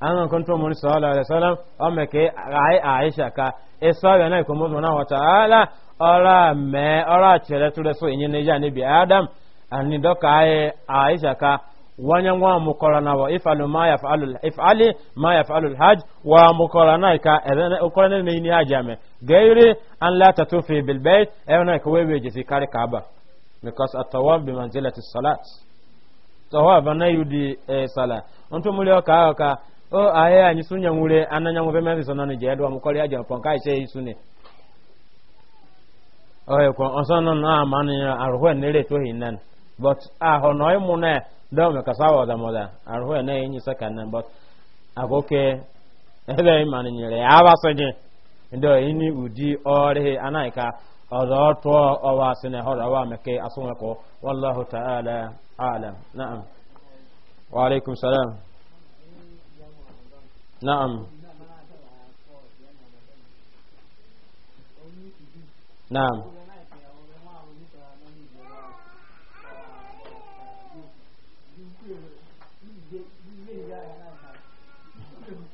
an kan to mun sallallahu alaihi o me ke ai aisha ka isa ya na ko na wa ta'ala ora me ora chere tu so inye ne ja ne bi adam ani dɔka ayi aisha ka wanya wa mukɔrɔ na wa ifalu ma ya fa'alu ifali ma ya fa'alu hajj wa mukɔrɔ na ka ɛbɛn ukɔrɔ ne ne ni hajj amɛ gairi an la ta tufi bil bayt ɛbɛn ka wewe jisi kare kaaba because a atawaf bi manzilati salat tawaf na yudi eh, sala onto mulio ka ka o aye anyi sunya ngure ananya mu bemezi sono ni jeedo mukɔrɔ hajj pon kai se isune oye ko onsono na amani arho nere to hinan but ahụ nọ ịmụ na dọọ maka sawa ọdamọda arụhụ ya na-enye nyisa ka nne but agoke ebe ịma na nyere ya abasị gị ndị ini ụdị ọrịa anaghị ka ọzọ tụọ ọwa asị na họrọ ọwa meke asụnwekọ wallahu ta'ala alam na'am wa alaikum salam na'am na'am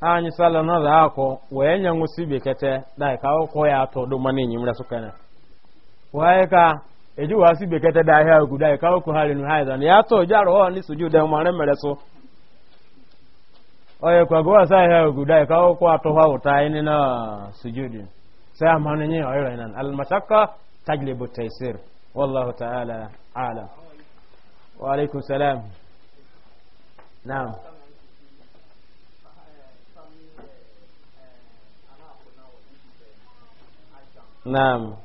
anyị sala na da akọ wee nye nwụsị bekete da ka akwụkwọ ya atọ do mana enyi mra sukana wee ka eji wa si bekete da ahịa ogu da ka akwụkwọ ha rinu ha izan ya atọ ji arụ ọhụrụ n'isu ju da mere so oye kwa gwa sa ahịa ogu da ka atọ ha ụta anyị na sujudi sai amana nye ọyọrọ nan almashakka tajlibu taysir wallahu ta'ala ala wa alaikum salam na'am naam.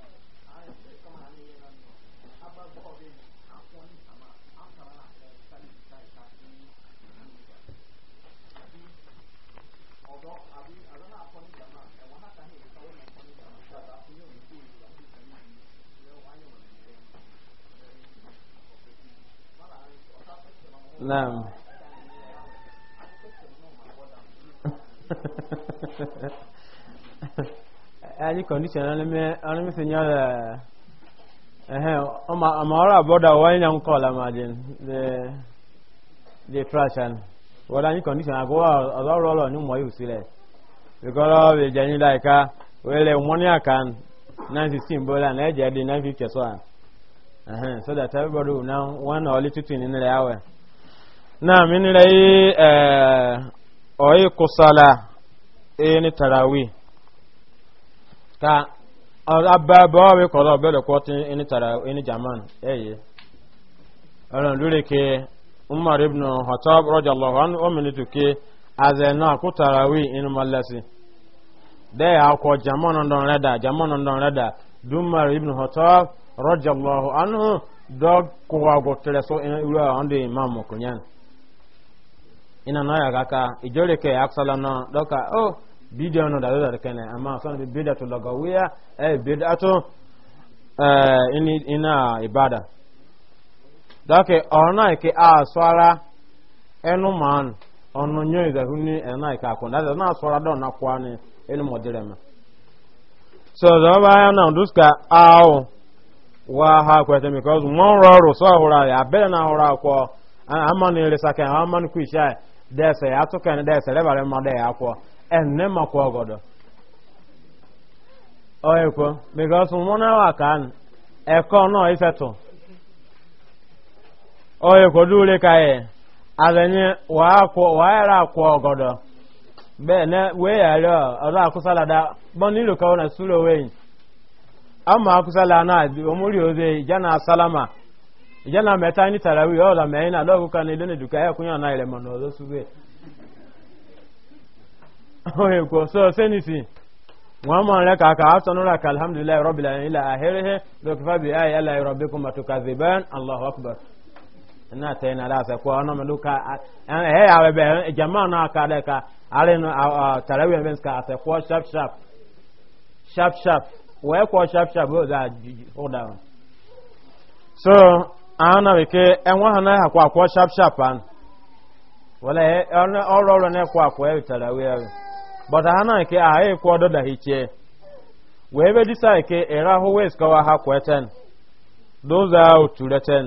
naam. any condition anime anime señor eh ama amara boda wanya nkola majin the the trashan what any condition ago azoro olo ni mo yusile because we jani like uh, wele money akan 916 bola na eje di 950 so an eh so that everybody will now one or little thing in the hour na mini rai eh uh, oyi kusala e tarawih ka ababa we kɔlɔ bɛ de kɔti ini tara ini jaman eye ɔlɔn lori ke umar ibn hɔtɔb rɔjallahu an o mini tu ke azɛ na ko tarawi ini ma lɛsi de y'a kɔ jaman dɔn rɛ da jaman dɔn rɛ da dumar ibn hɔtɔb rɔjallahu an dɔ kɔgɔgɔ tɛrɛ so ini wura an de ma mɔkunyɛn ina na yaga ka ijori ke aksala na dɔ ka oh bidiyo no da da kene amma san bi bidatu lagawiya eh bidatu eh ini ina ibada dake ona ke aswara enu man onu nyo iza huni ena ka ko da na aswara don na kwa ni enu modirema so da ba ya na duska aw wa ha ko te because mon roro so ahura ya be na ahura ko amma ni le saka amma ni ku dese ya to kan dese le bare ya ko ene makwa ogodo oyeko because mmona wa kan eko no iseto oyeko dule kae alenye wa akwa wa era akwa ogodo be wee we ọrụ ro ora akusala da bon nilo ka ona na we ama akusala na omuri oze jana salama jana meta ni tarawi na meina ka na ile na duka ya kunya na ile mono zo sube oye so senisi ka ala allahu akbar ala ẹ bẹ jama ka dẹ ka ka sharp sharp sharp sharp kọ sharp sharp o da o hold so ana ẹ sharp sharp wọlé but ha na nke aha ekwu ọdọ dahichie wee ebe disa ike ịrahụ wes kọwa ha kweten doza otureten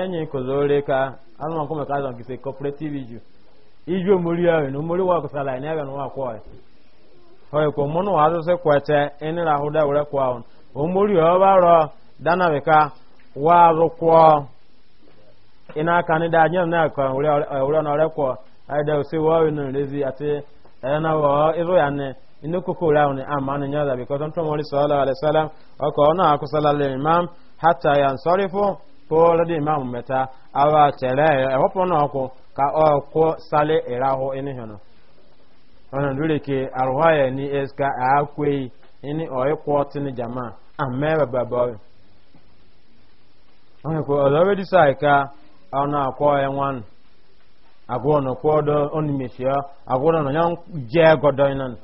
enyi kozo ore ka anụmanụ kọmọ ka azọ nkịsị cooperative iju iju omori ahụ na omori wa kọsala anyị n'ebe n'ụwa kwọ ya ọ ekwu mụnụ wa azụsị kwete ịnịrị ahụ da were kwọ ahụ omori ọba rọ danabika wa azụ kwọ ịna aka ndị anyị na-akọ ewure na ọrịa kwọ anyị da osi wọọ nụ n'ezi ati ena wa iru ya ne inu kuku ra ne amma ne nyada bi ko ton to mori sallallahu alaihi wasallam o ko na ku sallallahu alaihi imam hatta yan sarifu ko la di imam meta awa tere e hopo na ko ka o ko sale iraho ini hono ona dure ke arwaya ni eska akwe ini o ko tin jama amma ba ba ba ona ko already ka ona ko e one agwọ na kwọdọ onimesia agwọ na ya je godo inan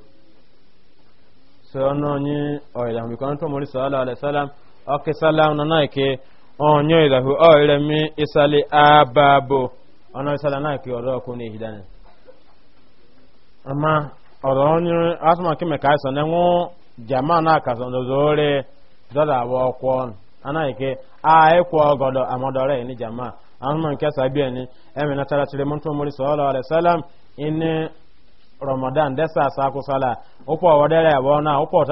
so no ni o ya mi kan to mori sallallahu alaihi wasallam o ke salam na na ke onyo ida hu o ire mi isali ababo ono isala na ke oro ko ni hidan ama oro onyo asma ke me kai so na nwu jama na ka so dozore dada wa kwon ana ke a e kwọ godo amodore ni jama annan nke biya emenatara emi na tara cire mun tumuri sallallahu alaihi wasallam in ramadan da sa akwụsala ụkwụ sala upo wadare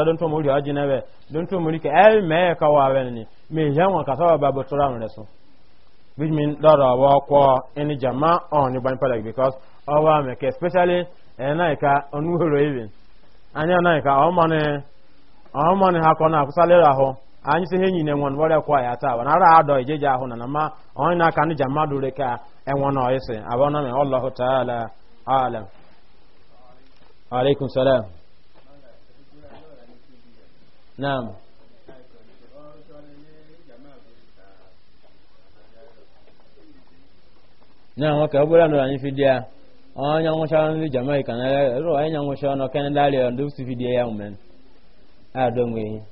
don tumuri haji na ebe don tumuri ike el me ka me yanwa ka sa ba ba jama pala because ke especially anya ha anyị sị ihe nyine nwọn wọrịa kwa ya taa wana ara adọ ijeje ahụ na nama onye na-aka ndị ka enwe na ọyịsị abụọ na mee ọlọhụ taala ala alaikum salam naam naam ọ bụla ya onye ndị na ere onye nwụchara ọnụ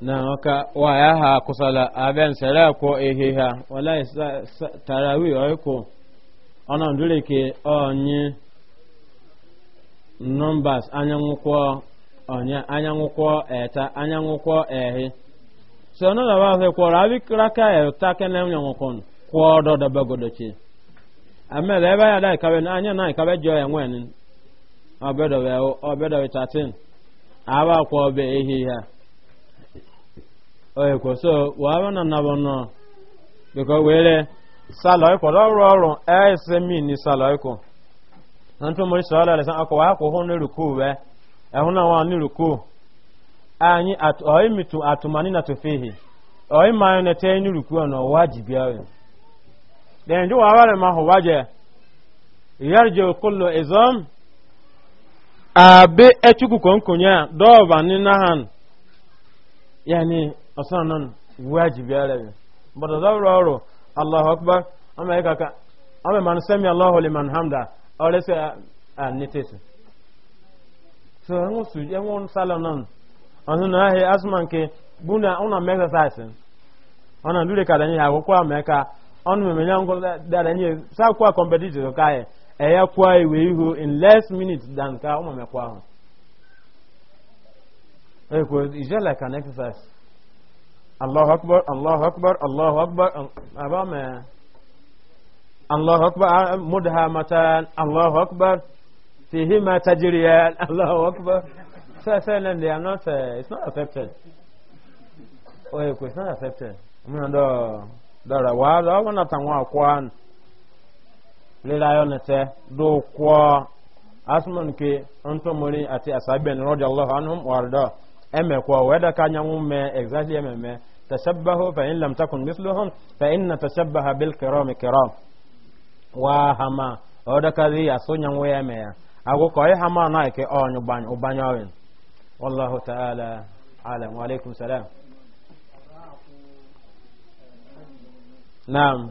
na ọka waya ha kusala abin sere ko ihe ha wala tarawi oiko ọna ndure onye numbers anyanwụkwọ onye anyanwụkwọ eta anyanwụkwọ ehi so ọna daba ọsọ kwọrọ abikraka eta kene nyanwụkwọ kwọ ọdọ daba godochi amela ebe ya na ikabe anya na ikabe jọ enwe 13 aba kwa be ehi ha oye ko so wa ba na na bono biko were salo ko lo ro ro e se mi ni salo ko nan to mo sala le san akwa ko ho ni ruku we e ho na wa ni ruku anyi at oyi mitu atumani na tofehi oyi ma ne te ni ruku no wajibi awe den jo wa ba le ma ho waje yarje kullu izam abe echuku konkonya dɔba ni nahan yani ɔsan nan wajibi ala bi bɔtɔ dɔbɔrɔ ɔrɔ alahu akbar ama yi kaka ama man sami alahu liman hamda ɔlɛ sɛ a ne te so so e ɛŋo su ɛŋo e sala ahịa ɔno nke ahe na ọ na ɔna mɛ ọ na dure ka da nye akoko amɛ ka mmemme mɛmɛ nyanko da da nye sa ko a competitive ka ɛyɛ kwa iwe ihu in less minutes than ka ụmụ mekwa ahụ ekwe is just like an exercise allahu akbar allahu akbar allahu akbar um, aba me allahu akbar ah, mudha matan allahu akbar fihi ma tajriyan allahu akbar so so then they are not uh, it's not accepted oh it's not accepted mna ndo dara wa wa na tanwa kwa lilayonete do kuwa asman ke ntomori ati asaben radiyallahu anhum warda eme kuwa weda kanya mume exactly eme me tashabbahu fa in lam takun mithluhum fa inna tashabbaha bil kirami kiram wa hama oda kadi asunya ngwe eme ya ago ko e hama na ke onyu banyo banyo wen wallahu ta'ala alam wa alaikum salam Naam.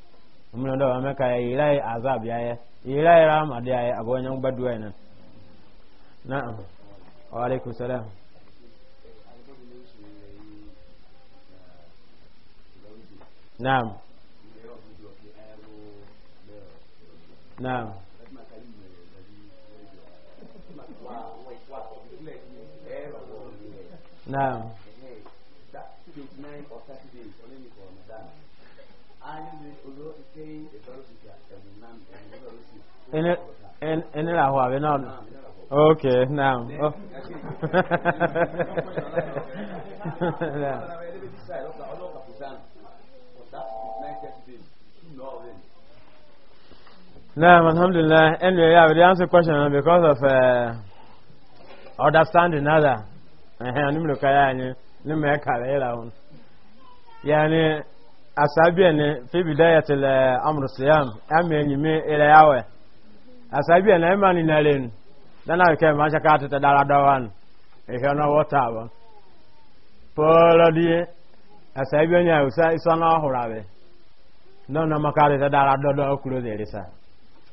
mun da wa maka ilai azab ya ilai rahma da ya abu wannan baduwa nan na'am wa alaikum salam na'am na'am na'am Any la hua not. Okay, now. Oh. Naam, alhamdulillah. Anyway, yeah, we answer question because of uh, understanding other. Eh, nimlo kaya ni, nimeka lela un. Yani asabiya ne fi bidaya til amru siyam ame nyime ila yawe asabiya na imani na len dana ke ma shaka ta dara dawan e hana wata ba polo di asabiya nya usa isana horabe no na makare ta dara dodo okuro de risa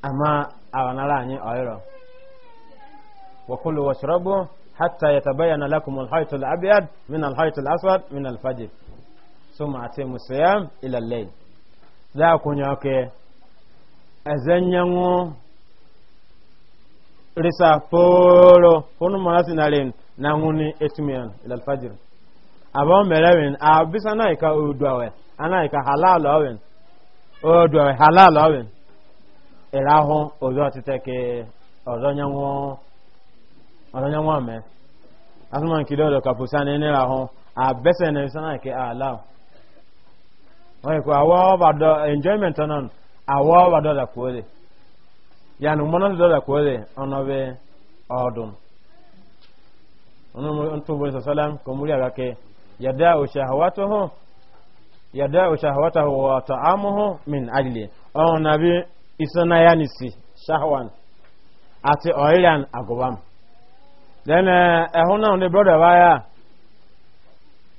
ama awanara anyi oyro wa kulu washrabu hatta yatabayyana lakum al-hayt al-abyad min al-hayt al-aswad min al-fajr suma ate musayam ila layl za ku nya ke azanyango risa polo hono mona sinalen nanguni etumian ila alfajr aba melewen abisa na ka odwawe ana ka halal awen odwawe halal awen ila ho ozo titeke ozanyango ozanyango ame asuma kidodo kapusa ne ne la ho abese na sana ke alao onye kwa awa ọba dọ enjoyment nan awa ọbadọ da kwole ya na mmanụ dọ da kwole ọnọbe ọdụm ọnụ ntụbụ sasalam ka omuri aga ke yada oshahawatuhu yada oshahawatuhu wa ta'amuhu min ajli ọnụ na bi isana ya nisi shahwan ati oilan agobam then ehun na ndị brọda baya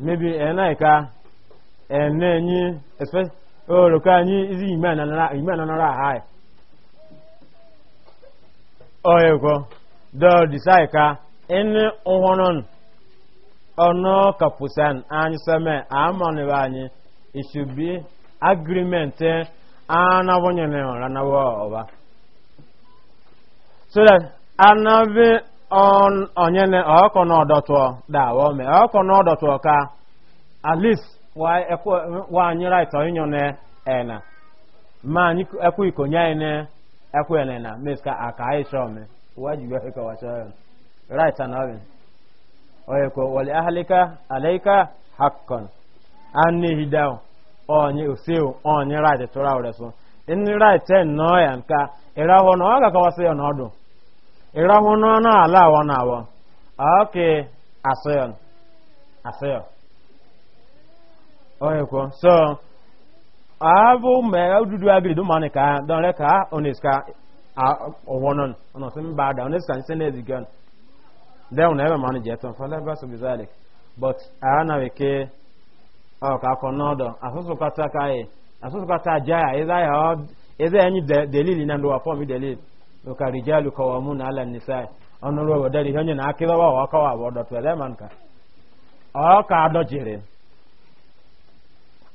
maybe ẹ náà ene nyi especially oro ka nyi izi imana na imana na ra hai e. oye ko do disai ka en ohonon ono kapusan anyi seme amon ba anyi it should be agreement ana wonye ne ora na wo oba so that anabe on onye ne okono odotwo dawo ka at least wa e anyị right onyo ne ena ma anyị ekwu iko nye anyị ne ekwu ene na mes ka aka anyị chọọ me wa ji gwe ka wa chọọ right e na ọbịa oye ko wali ahalika alaika hakkon an ne hidaw onye osew onye right tura ore so in right en no yan ka iraho ọ ga ka wasayo no do iraho no ala wa na wa okay asịọ asịọ. oyeko so abu me ududu abiri do mani ka don ka oniska a owonon ono se mba da oniska se ne zigan de on ebe mani jeton fa leba so bizalik but ana weke ọ ka konodo asusu kata kai e. asusu kata jaya ida ya ọ ida enyi delili na ndo apo mi delili o ka rijalu kawamuna ala nisai e. ono ro ihe onye na akiba wa abụọ bodo to le man ka o ka do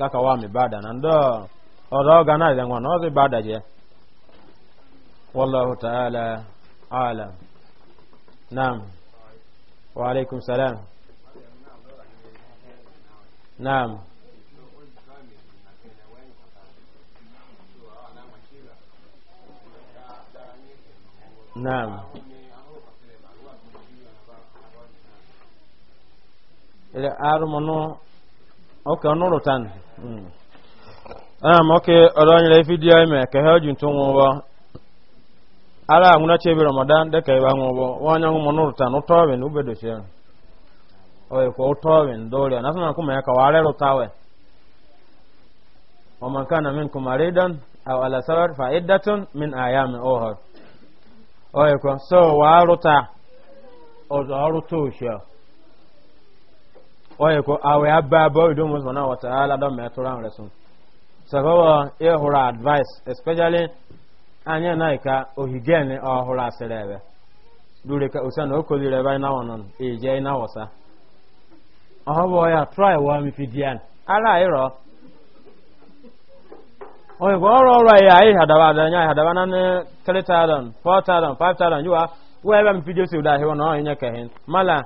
saka wa mi bada na ndo odo gana ile ngwa no zi bada je wallahu ta'ala alam naam wa alaikum salam naam naam ile armono okay onuru tan ana m oke ọdọ nyere vidiyo ime ka ha ji ntụ nwụwọ ara ahụna chebi ramadan dịka ịba nwụwọ nwaanyị ọnwụ mụ nụrụta n'ụtọ ọwin ubedochie oyikwa ụtọ ọwin dọrịa na kuma ya ka wara rụta we ومن كان منكم fa أو على سفر فعدة من أيام so oye ko awe ah, abba boy do na me e advice especially anya naika ohigene o hura serebe dure ka o ko dire bai na wonon e je na wasa o bo try wa mi fidian ara iro oye ko ro ro ya ai hadawa da nya na ne you are where am si da he nya ka mala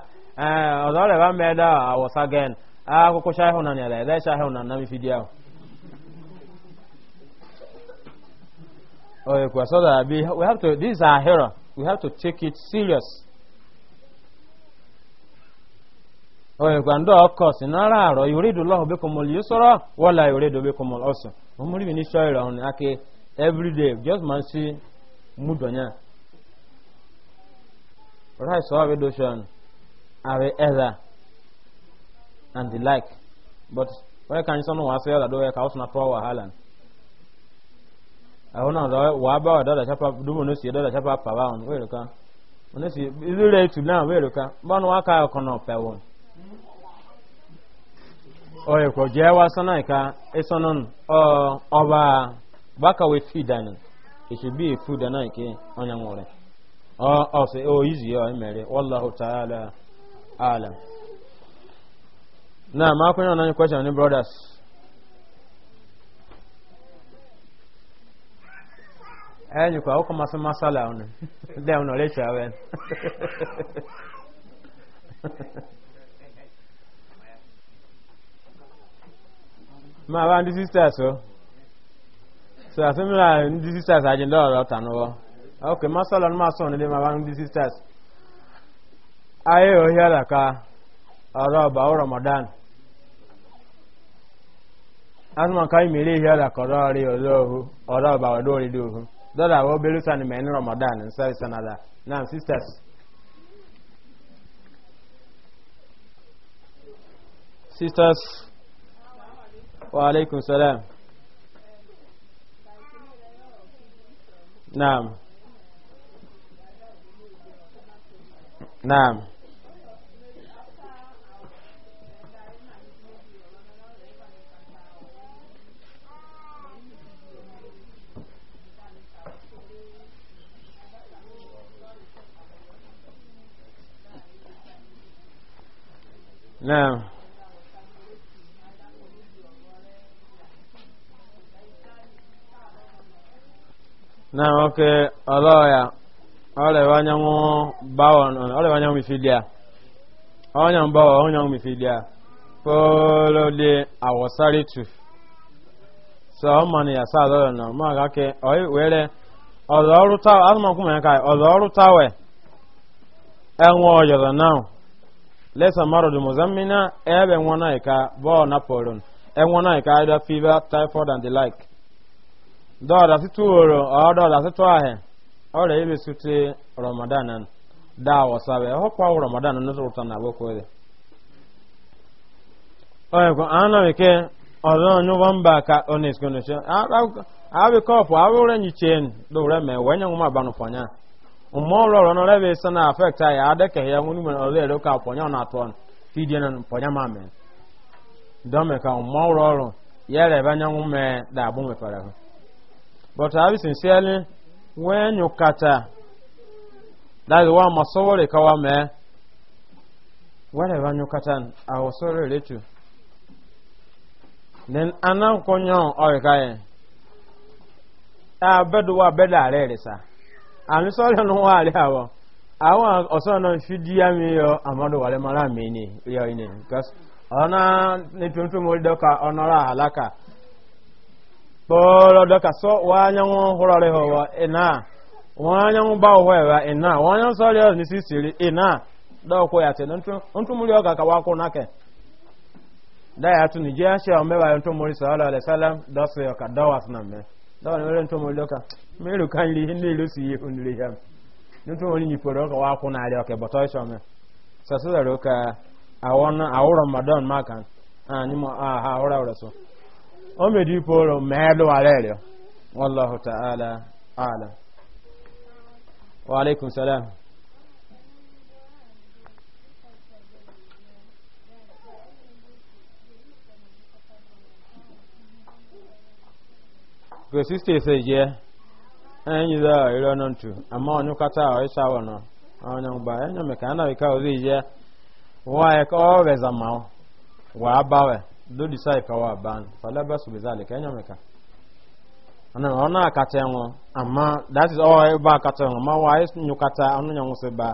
ọ̀dọ́rẹ̀ bá mẹ́ẹ̀dá àwọ̀sá gẹ́n akókó ṣáhùn náà nìyàlẹ̀ ẹ̀dẹ́ ṣáhùn náà náà fi díà oh ikwe so that we, we have to this is our hero we have to take it serious oh ikwe ndo ọkọ sí náírà àrọ ìwúrídù lọ́hùn bí kò mọ̀ lè sọ̀rọ̀ wọ́n la ìwúrídù bí kò mọ̀ ọ̀sùn mú ní everyday just man see mú dọ̀nyà right so how are either and the like but wọ́n kàn sọ́nù wàá sẹ́yọ́ ọ̀dọ́ ẹ̀ káwọ́sùn náà tọ́wọ́ wàhálà àwọn ọ̀dọ́ wàá bá ọ̀dọ́ ọ̀dọ́sápá dúró ní sí ọ̀dọ́ ọ̀dọ́sápá pàwá wọn wéèrè kan wọn sì ìlú rẹ̀ tù náà wéèrè kan bọ́ọ̀nù wá ká ọkàn náà pẹ̀ wọ́n. ọ̀rẹ́ kò jẹ́ wá sọ́nà ìka ìsọ́nù ọba bákàwé tì dànù ìṣèbí ìfúdà náà ìké ọ̀nyàwó rẹ̀ ọ̀ ọ̀sẹ̀ ọ̀ alam na ma akwai nan question ni brothers eh ni kwa kuma sun masala wannan da wannan le chawen ma ba ndi sisters o so asimila ndi sisters ajin do ro tanuwo okay masala ma so ni le ma ba ndi sisters ayi ohiya da ka ọrọ ba ramadan asuma ka imere ihiya da ka ọrọ ri ọlọhu ọrọ ba ọdọ ori di ohu dọla awọ belu sani mẹni ramadan nsa sanada na sisters sisters wa alaikum salam naam naam نعم نعم اوكي الله ọrịa wanyanwụ bawo ọrịa wanyanwụ mifilia ọnyanwụ bawo ọnyanwụ mifilia polo de awosari tu so ọmọ ni yasa adọrọ na ọmọ ke were ọzọ ọrụ tawe azụmakwụ mụ ya ka ọzọ ọrụ tawe enwe lesa maradu muzammina ebe nwana ika bo napoleon enwana ika either fever typhoid and the like do da situ oro o do da situ ahe o re ibe suti ramadan an da wasabe ho kwa ramadan no zuta na boko de o ko ana nyu ka onis kono a be ko fo a wo re chen do re me nguma umoro rono lebe na afekta ya adeke ya ngunu men ole lo ka ponya na ton fidie na ma mame dọmị ka me but abi sincerely ka wa me ọrụ banyo katan awosore letu then àmì sọ́ọ̀lẹ̀ ní wọ́n àrẹ àwọ̀ àwọn ọ̀sán náà fi dí àmì yọ àmọ́dọ̀ wà lẹ́mọ́ láàmì ní rí ọ inú because sọ wọ́n yẹn wọ́n ọrịa rẹ̀ wọ̀ iná wọ́n yẹn wọ́n bá wọ̀ ẹ̀rọ iná wọ́n yẹn sọ́ọ̀lẹ̀ ọ̀sán ní ṣe mẹ́wàá mero ka nri ihe na-erosi ihe nri ya n'otu onye nyipụrụ ọka wa akwụ narị ọka bọtọ ịchọ m sasịdara ụka awụrọ madon maka anyị ma ha ahụra ụra so o medi pụrụ mee lụwara ịrịọ wallahu ta'ala ala wa alaikum salam Go sister say yeah. enyi da ire ọnụ ntu ama onye kata ahụ ịsa awọ nọ onye mgba enye meka ana wika ozi ije wa ka ọ weza ma wa abawe do disai ka wa ban falaba su bezali ka enye meka ana ọ na akata enwo ama that is all ba akata enwo ma wa is nyukata onu nyanwu se ba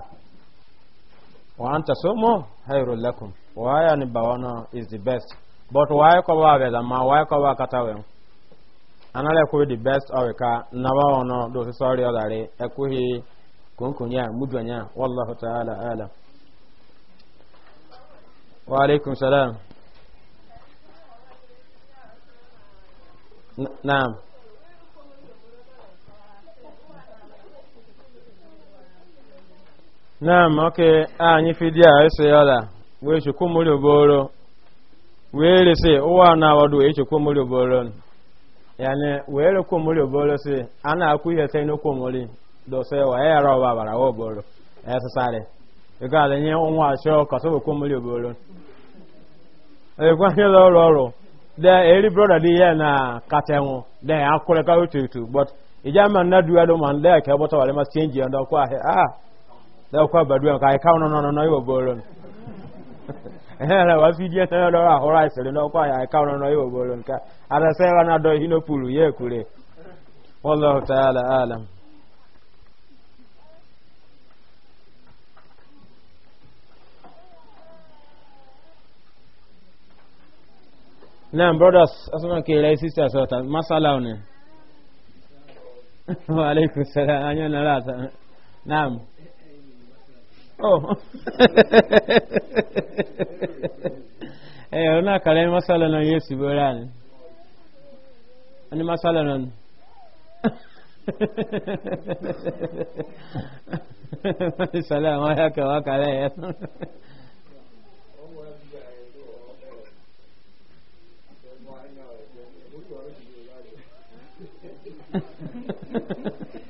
wa anta somo hayru lakum wa ya ni bawana is the best but why ko wa weza ma why ko wa akata wenwo anala ekwe the best ọrịka nnaba ọnọ dosi sọrị ọlarị ekwughị kunkunya mujanya wallahu ta'ala ala wa alaikum salam na'am na'am oke anyị fidia esi yọla wee chukwu mmiri oboro wee resi ụwa na-awado echekwu mmiri oboro yani were kwomori obolo si a na-akwụ ihe sị n'okwomori dose wa ya yara ọba bara wa obolo esisari ịga adị nye nwa achọ kasọ okwomori obolo ekwe ihe lọ ọrụ de eri broda dị ya na katenwu de ya ka otu otu but ija ma nna duwa do ma ndị aka ebọta wale ma chenji ya ndị ọkwa ahịa ah ndị ọkwa baduwa ka anyị ka nọ nọ nọ nọ obolo ehere wa vidiyo na ọrụ ahụrụ anyị sịrị n'ọkwa ya ka ọrụ n'ọrụ nke arasa na adọ ihe n'opuru ya ekwure wallahu ta'ala alam ala masala Wa alaikum salam. Anya na oh eh ona kale masala na yesu boran ani masala nan salama ya ka wa kale ya Ha ha ha ha.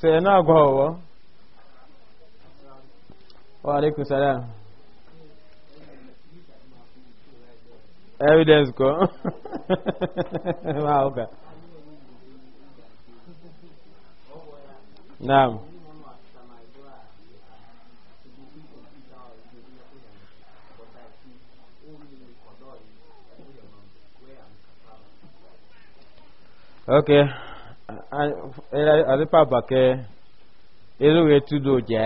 sena agwawo wa alaikum salam evidence ko ma oka naam okay adipa bake eruwe elu je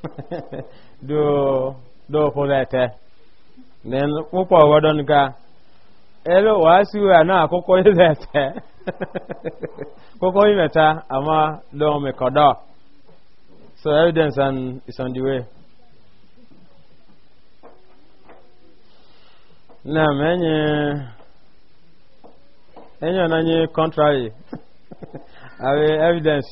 do do polete then pupo obodo ka elu wa na akoko ilete koko imeta ama do mekodo so evidence and is on the way na menye enyo na nye contrary awe evidence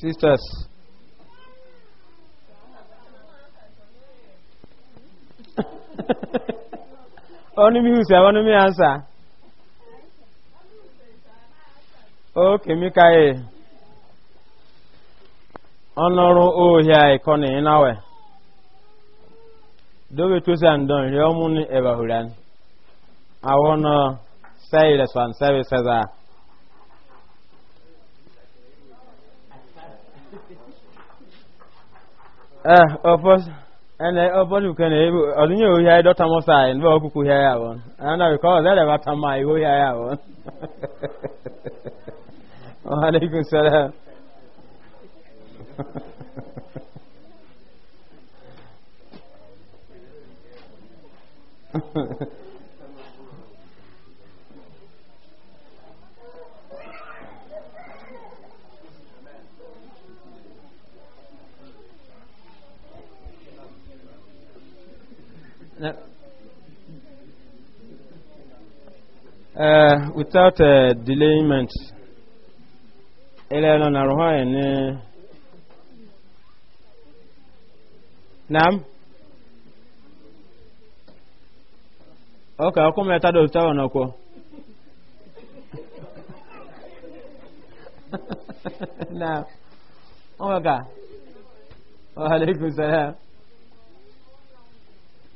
sisters onu mi husa onu mi ansa okay mi kaye ọnọrụ ohi anyị kọ dobe tusa ọmụnụ ebe huran awọ nọ sai responsable eh ene opolu kene ebu odunye ohi anyị dọta mọsa anyị ọkụkụ hia ya awọ ana ọzọ ebe ata ma ihu ya awọ wa alaikum salam without delayment ele na roho ene nam okay akome ta do na ko na oga wa alaikum salam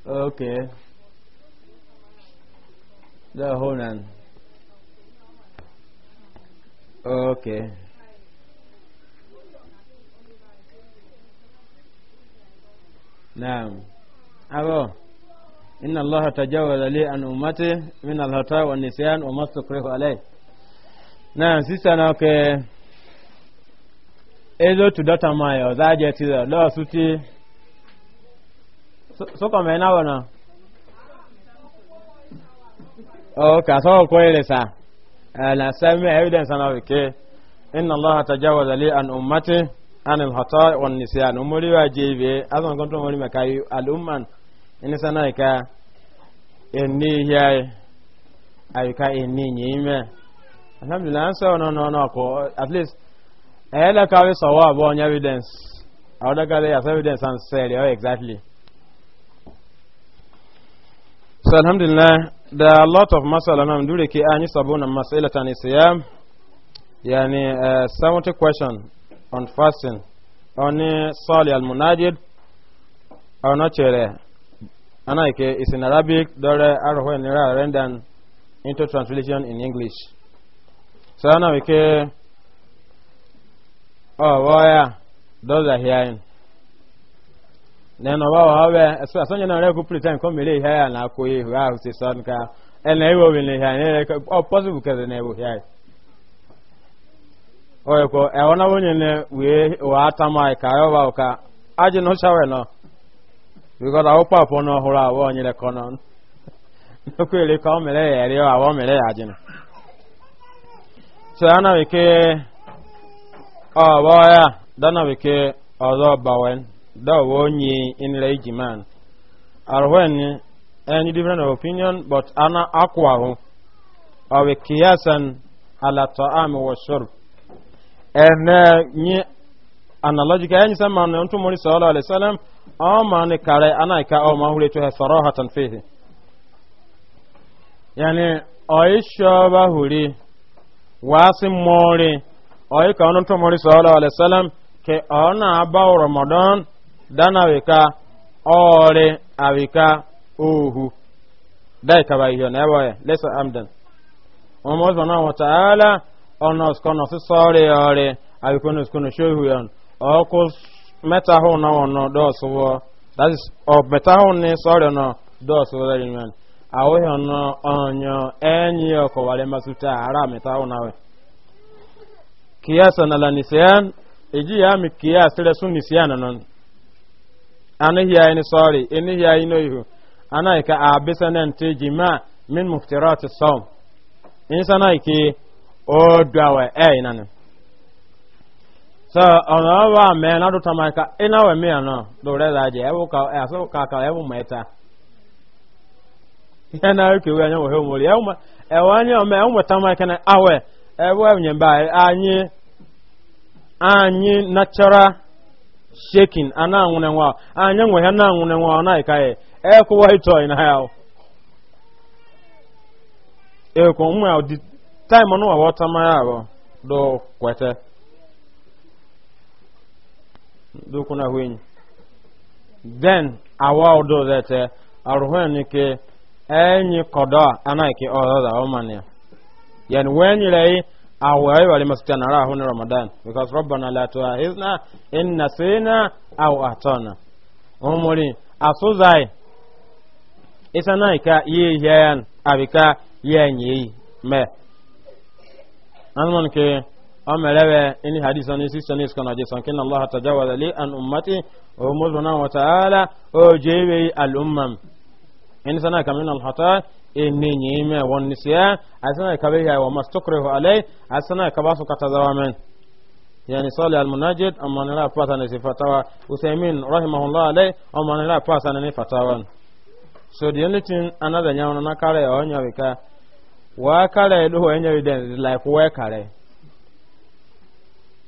okay Okay. نعم أبو إن الله تجاوز لي عن أمتي من الخطأ والنسيان وما استكره عليه نعم سيسانا أوكي إذا تدوت ماي وزاجة تيزا لا سوتي سوكا مينا ونا أوكي سوكا كويلي سا na sami evidence na wike inna allah tajawaza li an ummati an al hata wa nisyan umuri wa jebe azan gonto umuri makai al umman in sana ka enni yayi ayuka enni nyime alhamdulillah so no no no ko at least ayala ka we sawa bo nya evidence awda ka ya evidence and say exactly so alhamdulillah there are a lot of masala na ndure ke anyi sabuna masala tani yani uh, 70 question on fasting oni sali al munajid ona chere ana ke is in arabic dore arho ni ra rendan into translation in english so ana we ke oh waya those are hearing neno wao hawe asanya na reku pretend ko mele ya na ko ye nka se son ka ene ya ne o possible ka ne bo o ko e ne we wa ka yo ba ka aje because awo pa po no hura awo onye le ka ya abụọ mere ya so o ba ya dana dawo nyi in lay jiman are when any different opinion but ana akwa ho awe kiyasan ala ta'am wa shurb en nyi analogical any sama na ntu muri sallallahu alaihi wasallam o ma kare ana ka o ma hure to sarahatan fihi yani aisha ba huri wasi mori o ka ntu muri sallallahu alaihi wasallam ke ona ba ramadan dana wika ore awika ohu dai ihe bai yon ewa lesa amdan o mo zona wa taala ono skono si sore ore awikono skono shohu yon o ko meta ho na wono do so that is o meta hụ ni sore no do so that in man awo yon onyo enyi oko wale masuta ara meta ho na we kiyasa na la eji ya mi kiyasa le sun nisyan anihi ya ni sorry enihi ya ino ihu ana ka abisa nan te jima min muftirati sawm insana ki o dawa na nan so ona wa na do ka ina na do re da je e ka e so ka ka e wo meta yana ke he na shekin ana ah, anwune nwa anya ah, nwe ha na anwune nwa ọ na-eka ya ekwu white na ya ekwu mwe ọ dị taịm ọnụ ọwa ọta mara abụọ do kwete dukwu na hwenyi then awa ọdọ zete arụhụen ke enyi kọdọ anaghị ọzọ ọmanị ya yani wee nyere أو أيوة لما استنراه هنا رمضان because ربنا لا تؤاخذنا إن نسينا أو أخطأنا أموري أسوزاي إسانا إكا ييان أبكا يين يي ما أنمن كي أملوا إن حديث أن يسيس أن يسكن أجيس أن الله تجاوز لي أن أمتي ومزنا وتعالى أجيبي الأمم إن سنة كمن الحطاء inni nyime won nisiya asana kabe ya wa mastukrihu alai asana kabasu katazawa men yani sali almunajid amma nila fata ne fatawa usaimin rahimahullah alai amma nila fata ne fatawa so the only thing another nyawo na kare ya onya wika wa kare do onya evidence like wa kare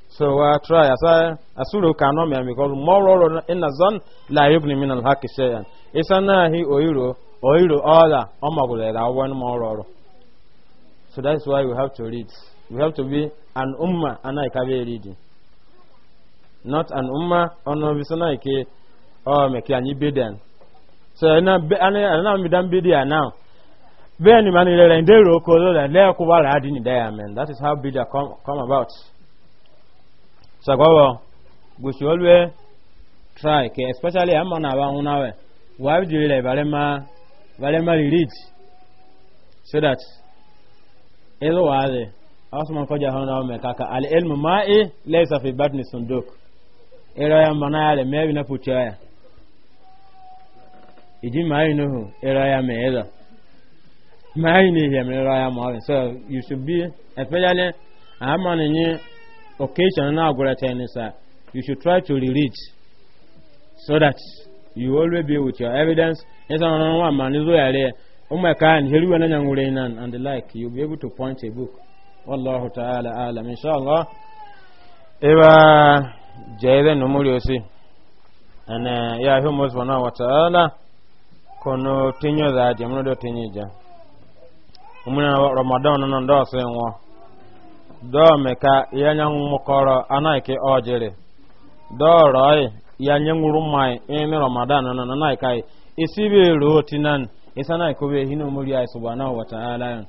so wa try asa asuru kanom ya because more in the zone la yubni min al haqi shay'an isana hi oyuro or ọla ọ magwụlere awọn ọrụ ọrụ so that's why we have to read we have to be an umma anaghịkabe reading not an umma ọnụbiso naike ọ mekiri anyị beden so I ana mbida mbidi a now bẹ́ẹ̀ni ma ni rẹ̀rẹ̀ ndé rò kó lọ́rẹ̀ lẹ́ẹ̀kú wà ráàdì ní diamond that is how bidia come, about sagbọ́wọ́ we should always try ke especially ama na awa nwụnawẹ̀ wàá bìdìrì rẹ̀ ìbàrẹ̀ very read so that ero waade asuma ko jahan na me kaka al ilmu ma'i laysa fi batni sunduk ero ya mana ya le mebi na pucha ya iji ma'i no ero ya me ero ma'i ni ya me ero ya ma'i so you should be especially amana ni occasion na agura tenisa you should try to read so that you always be with your evidence esa na nwa ma nizo yare umma kan heri wana nyangure nan and the like you be able to point a book wallahu ta'ala alam inshallah eba jere no muri osi ana ya hu muzwana wa ta'ala kono tinyo za je muno do tinyija umuna ramadan no ndo se nwo do meka yanya mukoro anaike ojere do roi ya nye ngwuru mmai ime e, ramadan na na nai kai isi e, be ro tinan isa e, nai ko be hinu muri ai subhanahu wa ta'ala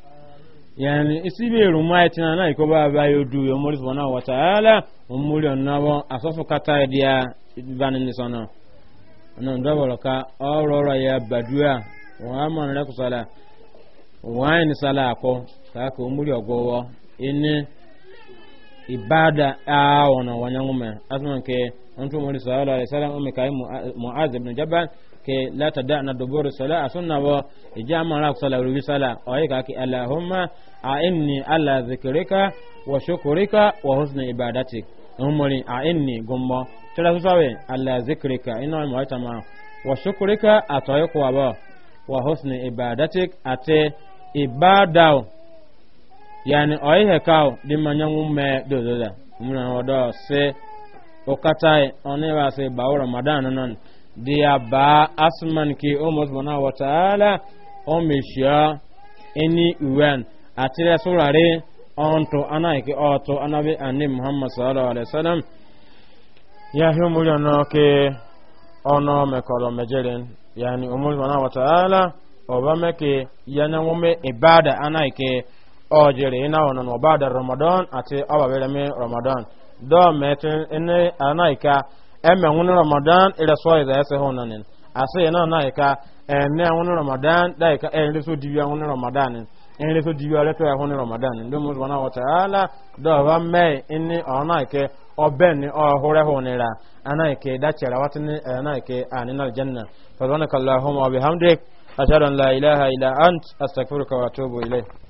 yani isi be ro mmai tinan nai ko ba ba yodu yo muri subhanahu wa ta'ala umuri onnabo asofu kata dia banin sono non dabolo ka ọrụ ya badua wa man la kusala wa ni sala ko ka ko umuri ogowo ini ibada a ona wanyangume asman ke أنتم مولى صلى الله عليه وسلم أمي كاي معاذ بن جبل كي لا تدعنا دبور الصلاة سنة و إجامة لك صلاة وربي صلاة وهيك أكي اللهم أعني على ذكرك وشكرك وحسن عبادتك أمولي أعني قمبا ترى سوى على ذكرك إنه مؤتمع وشكرك أطيق وبا وحسن عبادتك أتي إبادة يعني أيها كاو دي من يوم ما دوزوزا من هو دو سي okatai e, oneba se bawo ramadan non dia ba asman ki umar subhanahu wa ta'ala o mesha eni uwan atire surare onto anaiki e oto anabi anni muhammad sallallahu alaihi wasallam ya humu yana ke ono mekoro mejeren yani umar subhanahu wa ta'ala oba meke yana wume ibada anaiki e ojere ina wonon wabada ramadan ati awabere me ramadan do metin ene anaika eme hun ramadan ira so ida ese honanin ase na anaika ene hun ramadan daika ene so diwa hun ramadan ene so diwa leto hun ramadan do mo subhanahu wa ta'ala do wa me ene anaike obeni ohore honira anaike da chera watini anaike aninal janna subhanakallahumma wa bihamdik ashhadu an la ilaha ila ant astaghfiruka wa ile.